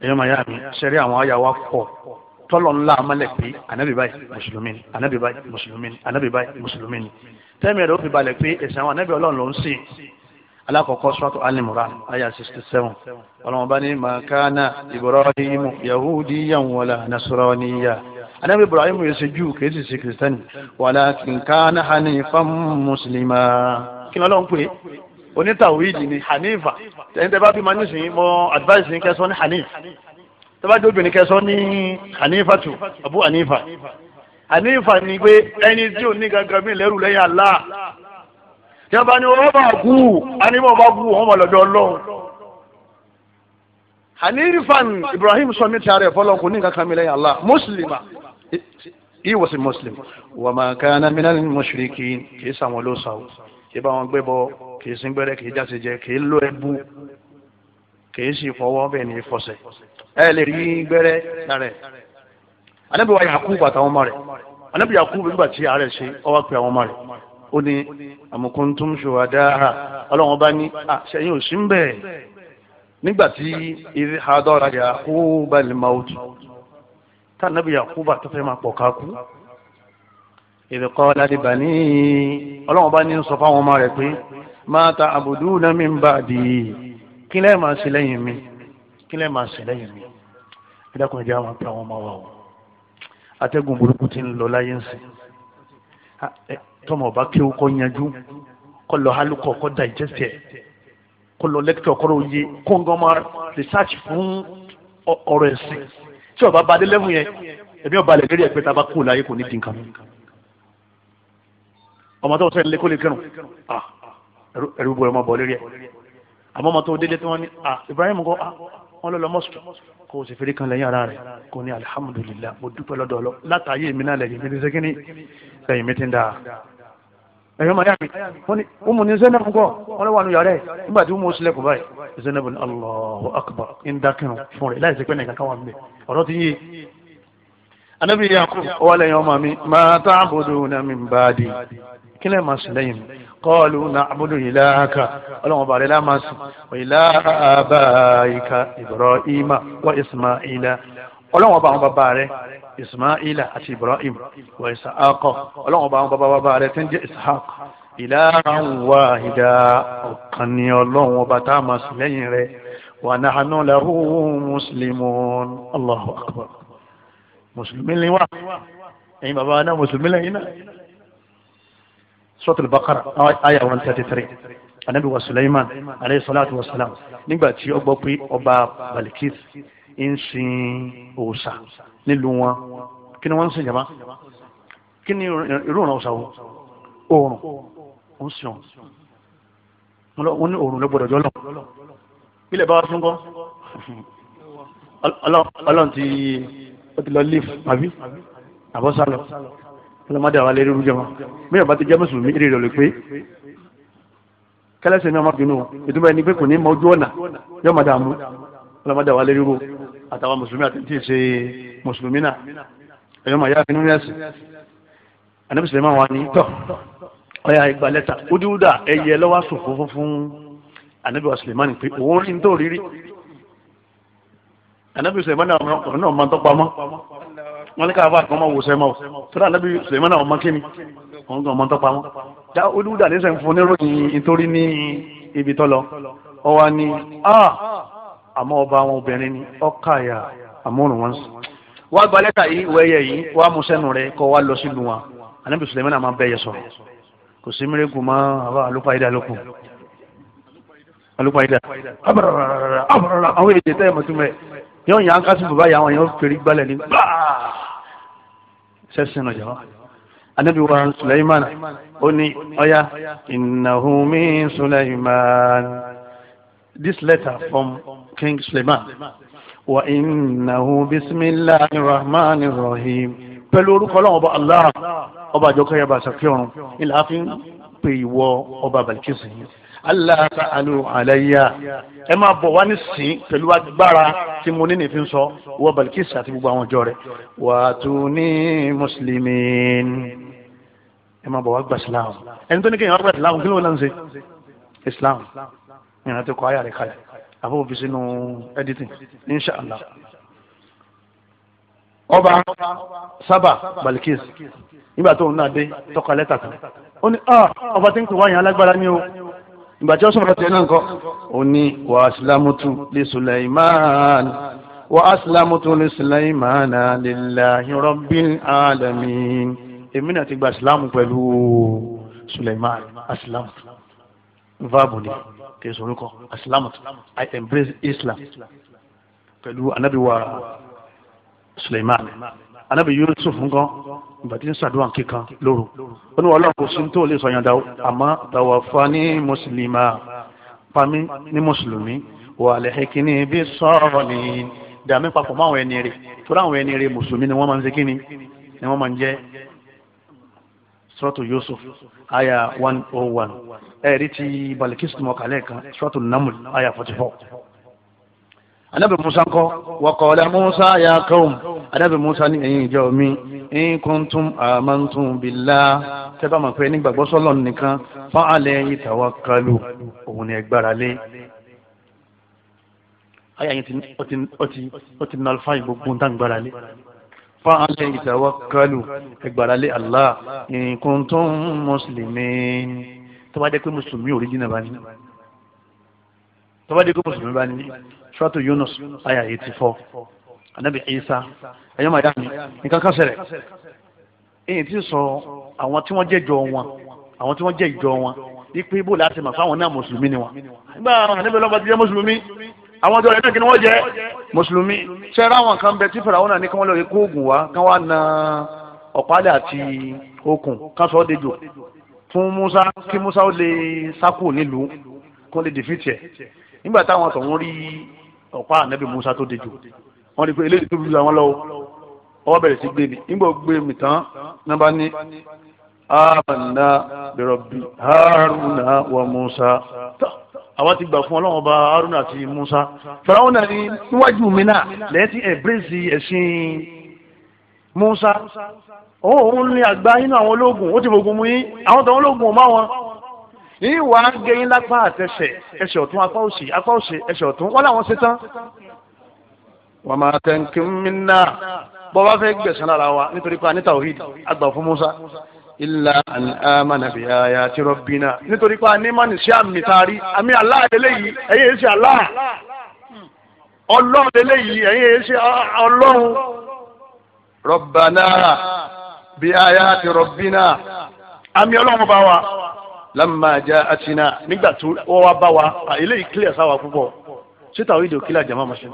ẹ̀yọ́ màá yá mi ṣẹ́rí àwọn àyà wa pọ̀ tọ́lọ̀ ńlá amálẹ̀ pé ànábì báyìí mùsùlùmí ni ànábì báyìí mùsùlùmí ni ànábì báyìí mùsùlùmí ni tẹ́mi ẹ̀rọ fi balẹ̀ pé ẹ̀sìn àwọn ànábì ọlọ́run ló ń sìn alákọ̀ọ́kọ́ suratu Al-Imran aya sixty seven ọlọ́run bá ní makana Ibrahim yahudiyan wala nasraniya anabi ibrahim yóò ṣe júù kìí sì ṣe kìrìsìtánì walakin kana hanifan muslima kí ni ọlọ́run pè é onítàwíìdì ni hanifa ẹni tẹ́ bá bí manú sí mọ́ advice ní kẹsàn-án ní hanif tẹ́ bá dóbìnrin kẹsàn-án ní hanifa tù abu hanifa hanifa ni pé ẹni tí ò ní gangan mi lẹ́rù lẹ́yìn Allah tí wọ́n bá ní wọ́n bá kú anímọ̀ bá kú wọ́n mọ̀ lọ́dọ̀ ọlọ́run hanifa ibrahim sọ mi tiara ẹ̀ fọlọ́n kò ní gangan mi lẹ́yìn Allah mùsùlùmá he was a muslim wàmà kánà minal mushrikin kì í sàwọn ló sàwọn kì bá wọn gbé bọ́ kì í sín gbẹ́rẹ́ kì í jáse jẹ kì í lọ ẹbú kì í sì fọwọ́ bẹ́ẹ̀ ní fọsẹ̀ ẹ lè rí gbẹ́rẹ́ lára ẹ̀ anabi wa yakubu àtàwọn ọmọ rẹ̀ anabi yakubu nígbà tí ààrẹ ṣe ọwọ́ pe àwọn ọmọ rẹ̀ ó ní amukuntum shuhadaa ọlọ́run bá ní àṣẹyìn ò sí ń bẹ̀ nígbà tí ìdí hadọ́ra yakubu bá lè máa wùtù tá anabi yakubu àtọ́fẹ́ máa pọ̀ káàkú ìdí kọ́ ládìbà ní ọlọ́run bá ní sọ fáwọn ọmọ rẹ̀ pé. Mata abudu na náà mi ń bà dì í kí lẹ́ẹ̀ máa ṣe lẹ́yìn mi kí lẹ́ẹ̀ máa ṣe lẹ́yìn mi ẹ ìjà wọn pé àwọn ọmọ wa o atẹ́gùn burúkú ti ń lọ láyé ń sìn tọmọ ọba kí o kọ yanjú kọ lọ alukọ kọ digest ẹ kọ lọ lẹkítọ kọ lọ yé kóńgán research fún ọ̀rọ̀ ẹ̀sìn tí ọba bá dé lẹ́mú yẹn ẹ̀mí ọba lẹ́gẹ́rì ẹ̀pẹ́ tá a bá kú láyé kò ní dín kan ọmọ tó ń sẹ́yìn lé kó lè kẹrùn ah ẹ̀rú gbọ́dọ̀ máa bọ̀ lórí ẹ̀ àmọ́ ọmọ tó délé tí wọ́n ní à ah, Ibrahim kọ́ à ah, wọ́n lọ́lọ́ mọ́sùtù kò sì fèrè kan lẹ́yìn ara rẹ̀ kò ní alihamudulilayi mo dúpẹ́ lọ́dọ̀ ọlọ́ látàyè mi náà lẹ́yìn mi ti sẹ́kínì lẹ́yìn mi ti ń dáa ẹ̀yọ́ máa yàmì wọ́n ni ọmọ ní Zainab kọ́ wọ́n lọ́wọ́ àánú yàrá ẹ̀ nígbà tí wọ́n sílẹ̀ kù báyìí Zainab ní Allahu Akbar ń dákìrùn fún rẹ̀ láìsí pé nìkan káwọn mi ọ̀rọ̀ ti yé anábì Yakub ọwọ́ lẹ́yìn ọmọ mi máa sì lẹ́yìn kọ́ọ̀lù na'budu ìlàkà ọlọ́run bàrẹ̀ lámàsì ìlà àbáyíká Ibrahima wa Ismaila ọlọ́run bá àwọn bàbá rẹ̀ Ismaila àti Ibrahim wa Isaaqa ọlọ́run bá àwọn bàbá bàbá rẹ̀ tí ń jẹ́ Ishaq ilahan wahida ọ̀kan ni ọlọ́run ọba tá a máa sì lẹ́yìn rẹ̀ wa nahnu lahu muslimun Allahu akbar mùsùlùmí ni wá ẹ̀yin bàbá náà mùsùlùmí lẹ́yìn náà suratul baqara aya one thirty three anabi wa suleiman aleyhi salatu wa salam nígbà tí ó gbọ́ pé ọba balikis ń sin òòṣà nílùú wọn kí ni wọ́n ń sin jama kí ni irú ọ̀nà òòṣà wo oòrùn ń sin òòrùn wọ́n ní oòrùn ló gbọ́dọ̀ jọlọ ilẹ̀ bá wa tún kọ́ ọlọ́run ti lọ leaf àbí àbọ̀sálọ ọlọ́mọdé àwọn alẹ́rú jẹ́ wọn bí ọba ti jẹ́ mùsùlùmí èrè rẹ̀ lè pé kẹlẹ́sẹ̀ ní ọmọbìnrin o ìdúbẹ̀ ni pé kò ní mọ ojú ọ̀nà yóò máa dààmú ọlọ́mọdé àwọn alẹ́rú àtàwọn mùsùlùmí àti tí ì ṣe mùsùlùmí náà ẹ̀yọ́ màá yá inú rẹ̀sì anábì sèlémà wa ni tọ́ ọ̀yà ìgbà lẹ́tà ódúdà ẹ̀yẹ lọ́wọ́ sòfò fún anábì wa sèlémà ni pé òun rí ní tó rírí anábì sèlémà náà ọ̀rọ̀ náà wọn ní ká àbá kan máa wò sẹ́mọ́ tọ́lá nàbí sèmọ́ náà ọmọ kíni wọn gan ọmọ tó pa wọn. já olùdà ní sẹ́yìn fún oníròyìn nítorí ní ibi tó lọ ọwọ́ ni àmọ́ ọba àwọn obìnrin ni ọkàyà àmọ́rùn wọn sùn. wá gba lẹ́tà yìí wẹ́yẹ yìí wá mú sẹ́nu rẹ kọ́ wá lọ sílùú wọn ànábì sùlẹ̀mọ́ náà máa bẹ́ yẹ sọ̀rọ̀ kò sí mírèkù mọ́ àbá àlùpàdé àlùkù àlùpàdé àbàràràràrà àwọn èdè tẹ́ ẹ̀ mọ̀túnmẹ́ yóò yàn án kásìkò báyà àwọn èèyàn fèrè gbálẹ̀ ní gbáà sẹ́sìn ọ̀jọ̀ anabi wa suleiman ó ní ọ̀yá innahu min suleiman this letter from king suleiman wa innahu bisimilahi rahman rahim pẹ̀lú orúkọ ọlọ́run ọba allah ọba àjọkọ̀ yaba àṣàkíọ̀run ilà á fi ń pè ìwọ ọba balikisi yìí allah ta'alu alayya ẹ máa bọ̀ wá ní sìn pẹ̀lú agbára tí mo ní nìfín sọ wọ balikis àti gbogbo àwọn ọjọ́ rẹ̀ wà á tún ní muslimin ẹ máa bọ̀ wá gba islam ẹni tó ní kéèyàn gba islam kí ló ń ṣe islam ìrìn àti kọ ayà rẹ̀ kalẹ̀ àbúrò fi sínú editing inshallah ọba sábà balikis nígbà tó ń náà dé tọkọ lẹ́tà kan ó ní ah, ọba tí ń pè wáyàn alágbára ní o ìgbà tí wọ́n sọ̀rọ̀ tiẹ̀ náà ó ní wà á sílámùtù lè Sulaiman wà á sílámùtù lè Sulaiman lillahi rabbil alamin èmi náà ti gba sílámù pẹ̀lú Sulaiman asílámùtù vaabu ni kì orúkọ asílámùtù I embrace Islam pẹ̀lú anabiwa Sulaiman anabi yusuf nǹkan ìbàdí ń ṣàdúrà kíkan lóru ó ní ọlọ́run kò sí tó lè sọyàn dáwọ́ àmọ́ tawaffani mùsùlùmá pami ní mùsùlùmí wà lẹ́hìnkínní bí sọ́ọ̀rọ̀ ní dàmí papọ̀ mọ́ àwọn ẹni rẹ̀ torí àwọn ẹni rẹ̀ mùsùlùmí ni wọ́n máa ń ṣe kíni ni wọ́n máa ń jẹ́ suratu yusuf aya one oh one ẹ̀rí ti balikis mọ̀kálẹ̀ kan suratu namul aya forty four anabi musa kọ wakọọlẹ musa ya kawum anabi musa ni ẹ̀yin ìjọ mi in kuntum amantum billah tẹbà máa fẹ nígbàgbọ́ sọlọ nìkan fún alẹ ìtawakkalu òun ni ẹgbàrá lé ayé àyìn ó ti nà alfa gbogbo ń dàgbàrá lé fún alẹ ìtawakkalu ẹgbàrá lé allah in kuntum muslimin tó bá jẹ́ pé mùsùlùmí ò rí jìnnà bá ní tó suratu yunus aya eighty four anabi isa ẹ̀yọ́ màdá mi nǹkan kan ṣẹlẹ̀ èyí tí sọ àwọn tí wọ́n jẹ́ ìjọ wọn àwọn tí wọ́n jẹ́ ìjọ wọn ipe bó láti mọ̀ fáwọn náà mùsùlùmí ni wọn. nígbà anabi ọlọ́pàá ti jẹ́ mùsùlùmí àwọn ọjọ́ rẹ̀ náà kí ni wọ́n jẹ́ mùsùlùmí. sẹ́ra àwọn kan bẹ tí fìràwọ́n náà ní kí wọ́n lọ rí kóògùn wá kí wọ́n á na ọ̀pálẹ̀ àti okùn kan sọ ọ́ dejò fún musa kí musa ó lè sákò nílùú kó lè dìfìtì ẹ̀ nígbà táwọn tọ̀hún rí ọ̀pá ànábì Musa tó dejò wọ́n rí pé eléyìí tó dúdú àwọn lọ́wọ́ ọwọ́ bẹ̀rẹ̀ sí gbé mi nígbà gbé mi tán nàbà ní amanna bi rabbi haruna wa Musa àwa ti gbà fún ọlọ́run ọba haruna àti Musa farawọn náà ní níwájú mi náà lẹ́yìn tí ẹ̀bírèsì ẹ̀sìn Musa òun ní àgbá nínú àwọn ológun ó ti fògùn mú yín àwọn tó ń ológun ò má wọn ìwà gẹyìn lápá àtẹsẹ̀ ẹsẹ̀ ọ̀tún apá òsì apá òsì ẹsẹ̀ ọ̀tún wọn làwọn ṣe tán. wọ́n máa tẹ̀ ń kí ń mí náà bọ́ bá fẹ́ gbẹ̀sán lára wa nítorí pé a ní tawhid fún Musa ilà àni amànà bí aya ti rọ́bìnà nítorí pé a ní àmì taari àmì Allah eléyìí ẹ̀yìn èsì Allah ọlọ́run eléyìí ẹ̀yìn èsì ọlọ́run rọ̀bànà bí aya ti rọ̀bìnà àmì ọlọ́run bá wa lamma ja'atina nígbà tó wọ́n wá bá wa eléyìí clear sáwà púpọ̀ síta òye dò kílà jama masin.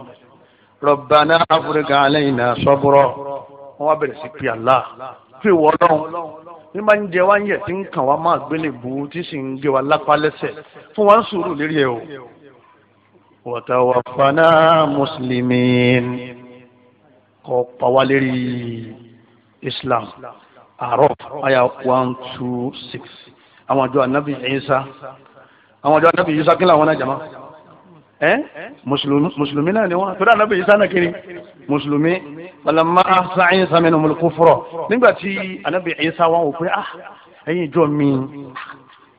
rabbana afrika alayna sabra wọ́n wá bẹ̀rẹ̀ sí pé Allah pé wọ́n lọ́hùn ní máa ń jẹ wá ń yẹ̀ tí ń kàn wá máa gbélé bu tí sì ń gé wa lápá lẹ́sẹ̀ fún wa ń sùúrù lérí ẹ̀ o. wa tawaffana muslimin kọ́ pa lérí islam àárọ̀ àyà one two six àwọn àjọ anabi Isa àwọn àjọ anabi Isa kí làwọn náà jama ẹ mùsùlùmí náà ni wọn tó dá anabi Isa náà kiri mùsùlùmí balama sa Isa mi nìmú kufra nígbà tí anabi Isa wọn wò pé ah ẹyin ìjọ mi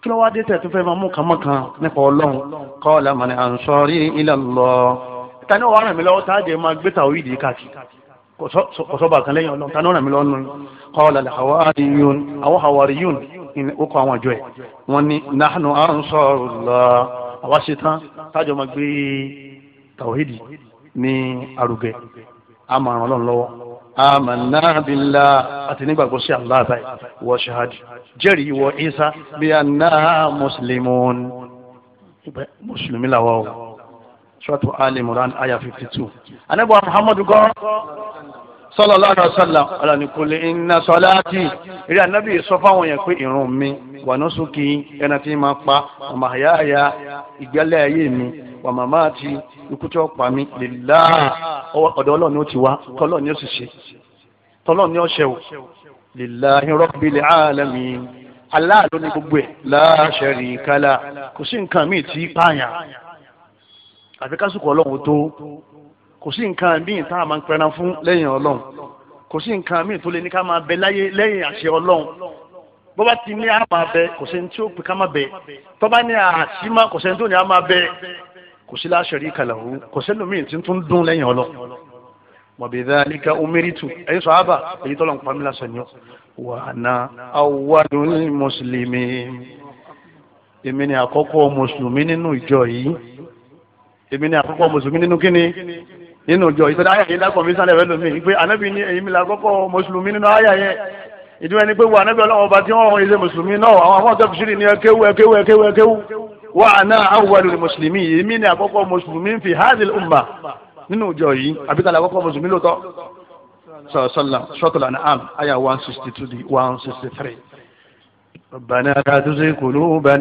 kí ló wá dé tẹ̀ tó fẹ́ máa mú kànmọ́kàn nípa ọlọ́run qala man ansari ila Allah tani wàá ràn mí lọ́wọ́ tá a jẹ́ máa gbé tàwídìí káàkiri kọ̀sọ́bà kan lẹ́yìn ọlọ́run tani wàá ràn mí lọ́wọ́ nù qala al ó kọ àwọn àjọ ẹ̀ wọ́n ní nahnu ansarullah àwa ṣe tán tájọ máa gbé tàwíìdì ní arugẹ a máa ràn Ọlọ́run lọ́wọ́ amanna billah àti nígbàgbọ́ sí Allah báyìí wọ́n ṣahadi jẹ́rìí wọ Isa bí anna muslimun mùsùlùmí làwọn o suratu Ali Imran aya fifty two anabu Muhammadu gan sallallahu alaihi wasallam ọlọ́ni kò lè iná salati eré anábì sọ fáwọn yẹn pé ìrun mi wa nusuki ẹni tí máa pa wa mahyaya ìgbẹ́lẹ̀ ayé mi wa mamati ikú tí ó pa mi lillah ọ̀dọ̀ ọlọ́ni ó ti wá tọ́lọ́ni ó sì ṣe tọ́lọ́ni ó ṣe o lillahi rabbil alamin Allah ló ní gbogbo ẹ̀ la sharika la kò sí nǹkan míì tí pààyàn àfikásùkọ̀ ọlọ́run tó kò sí nǹkan míì tá a máa ń pẹran fún lẹ́yìn ọlọ́run kò sí nǹkan míì tó lè ní ká máa bẹ láyé lẹ́yìn àṣẹ ọlọ́run bó bá ti ní a máa bẹ kò sẹ́ni tí ó pè ká máa bẹ tó bá ní àṣì má kò sẹ́ni tó ní a máa bẹ kò sí la sharika lahu kò sẹ́ni míì tí ń tún dún lẹ́yìn ọlọ́run wa bidhalika umiritu ẹ̀yin sàhábà èyí tọ́lọ̀ ń pa mí lásán ni wa ana awwalul muslimin èmi ni àkọ́kọ́ mùsùlùmí nínú ìjọ yìí èmi ni àkọ́kọ́ mùsùlùmí nínú kíni nínú ìjọ ìtọ́jú ayé yìí lápò mi sálẹ̀ rẹ́lùmí pé ànábì ní èyí mi là kọ́kọ́ mùsùlùmí nínú ayé yẹn ìdí wọn ni pé wo ànábì ọlọ́wọ́ ọba tí wọ́n wọ́n ilé mùsùlùmí náà àwọn afọ́n tó fìṣírì ní ẹkéwú ẹkéwú ẹkéwú ẹkéwú wà àná awwalul mùsùlùmí yìí mí ni àkọ́kọ́ mùsùlùmí fi hadil umma nínú ìjọ yìí àbíkàlà àkọ́kọ́ mùsùlùmí lóòótọ́ sọ́tòlá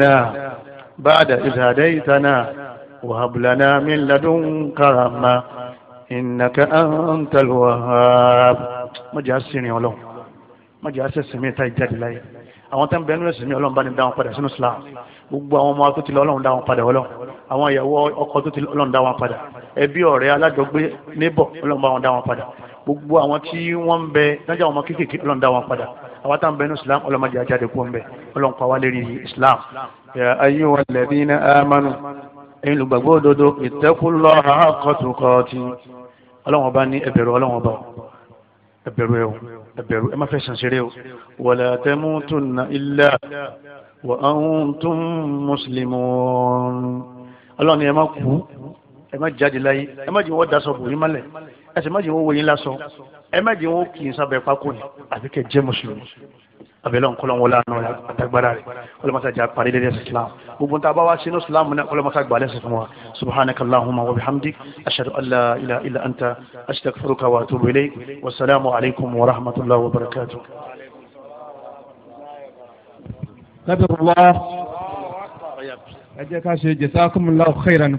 ní بعد إذ هديتنا وهب من لدنك رحمة innaka antal wahhab mọ̀jà sírin ọlọ́run mọ̀jà sẹ̀sìn mi ta ìjáde láyé àwọn tó ń bẹ nínú ẹ̀sìn mi ọlọ́run bá ní dáhùn padà sínú Islam gbogbo àwọn ọmọ tó ti lọ ọlọ́run dáhùn padà ọlọ́run àwọn ìyàwó ọkọ tó ti lọ ọlọ́run dáhùn padà ẹbí ọ̀rẹ́ alájọgbé níbọ̀ ọlọ́run bá wọn dáhùn padà gbogbo àwọn tí wọ́n ń bẹ lọ́jà àwọn ọmọ kéékèèké ọlọ́run dáhùn padà àwọn tá ń bẹ Islam ọlọ́run máa jẹ́ ajáde kú ọ̀nbẹ ọlọ́run pa wá lérí Islam. ya ayyuhal ladhina amanu ẹ̀yin lùgbàgbọ́ òdodo ittaqullaha haqqa tuqati ọlọ́run ọba ní ẹbẹ̀rù ọlọ́run ọba ẹbẹ̀rù ẹ̀ ẹbẹ̀rù ẹ má fẹ́ sàn ṣeré o wala tamutunna illa wa antum muslimun ọlọ́run ni ẹ má kú ẹ má jáde láyé ẹ má jẹ́ wọ́n daṣọ bò yín mọ́lẹ̀ ẹ sì má jẹ́ wọ́n wọ yín lásọ ẹ má jẹ́ wọ́n kì í sábẹ́ pákó ni àbíkẹ́ jẹ́ mùsùlùmí abẹ́lẹ́ ọ̀kọ́lọ́ wọlé àná àtàgbára rẹ̀ kọlọ́mọ́sá jà parí lẹ́dẹ̀ islam gbogbo tá a bá wá sínú islam náà kọlọ́mọ́sá gbà lẹ́sẹ̀ fún wa subhanaka allahumma wa bihamdik ashhadu an la ilaha illa anta astaghfiruka wa atubu ilayk wa salaamu alaykum wa rahmatullahi wa barakatuh. lábẹ́ bọ́ ẹ jẹ́ ká ṣe jazakumullahu khairan.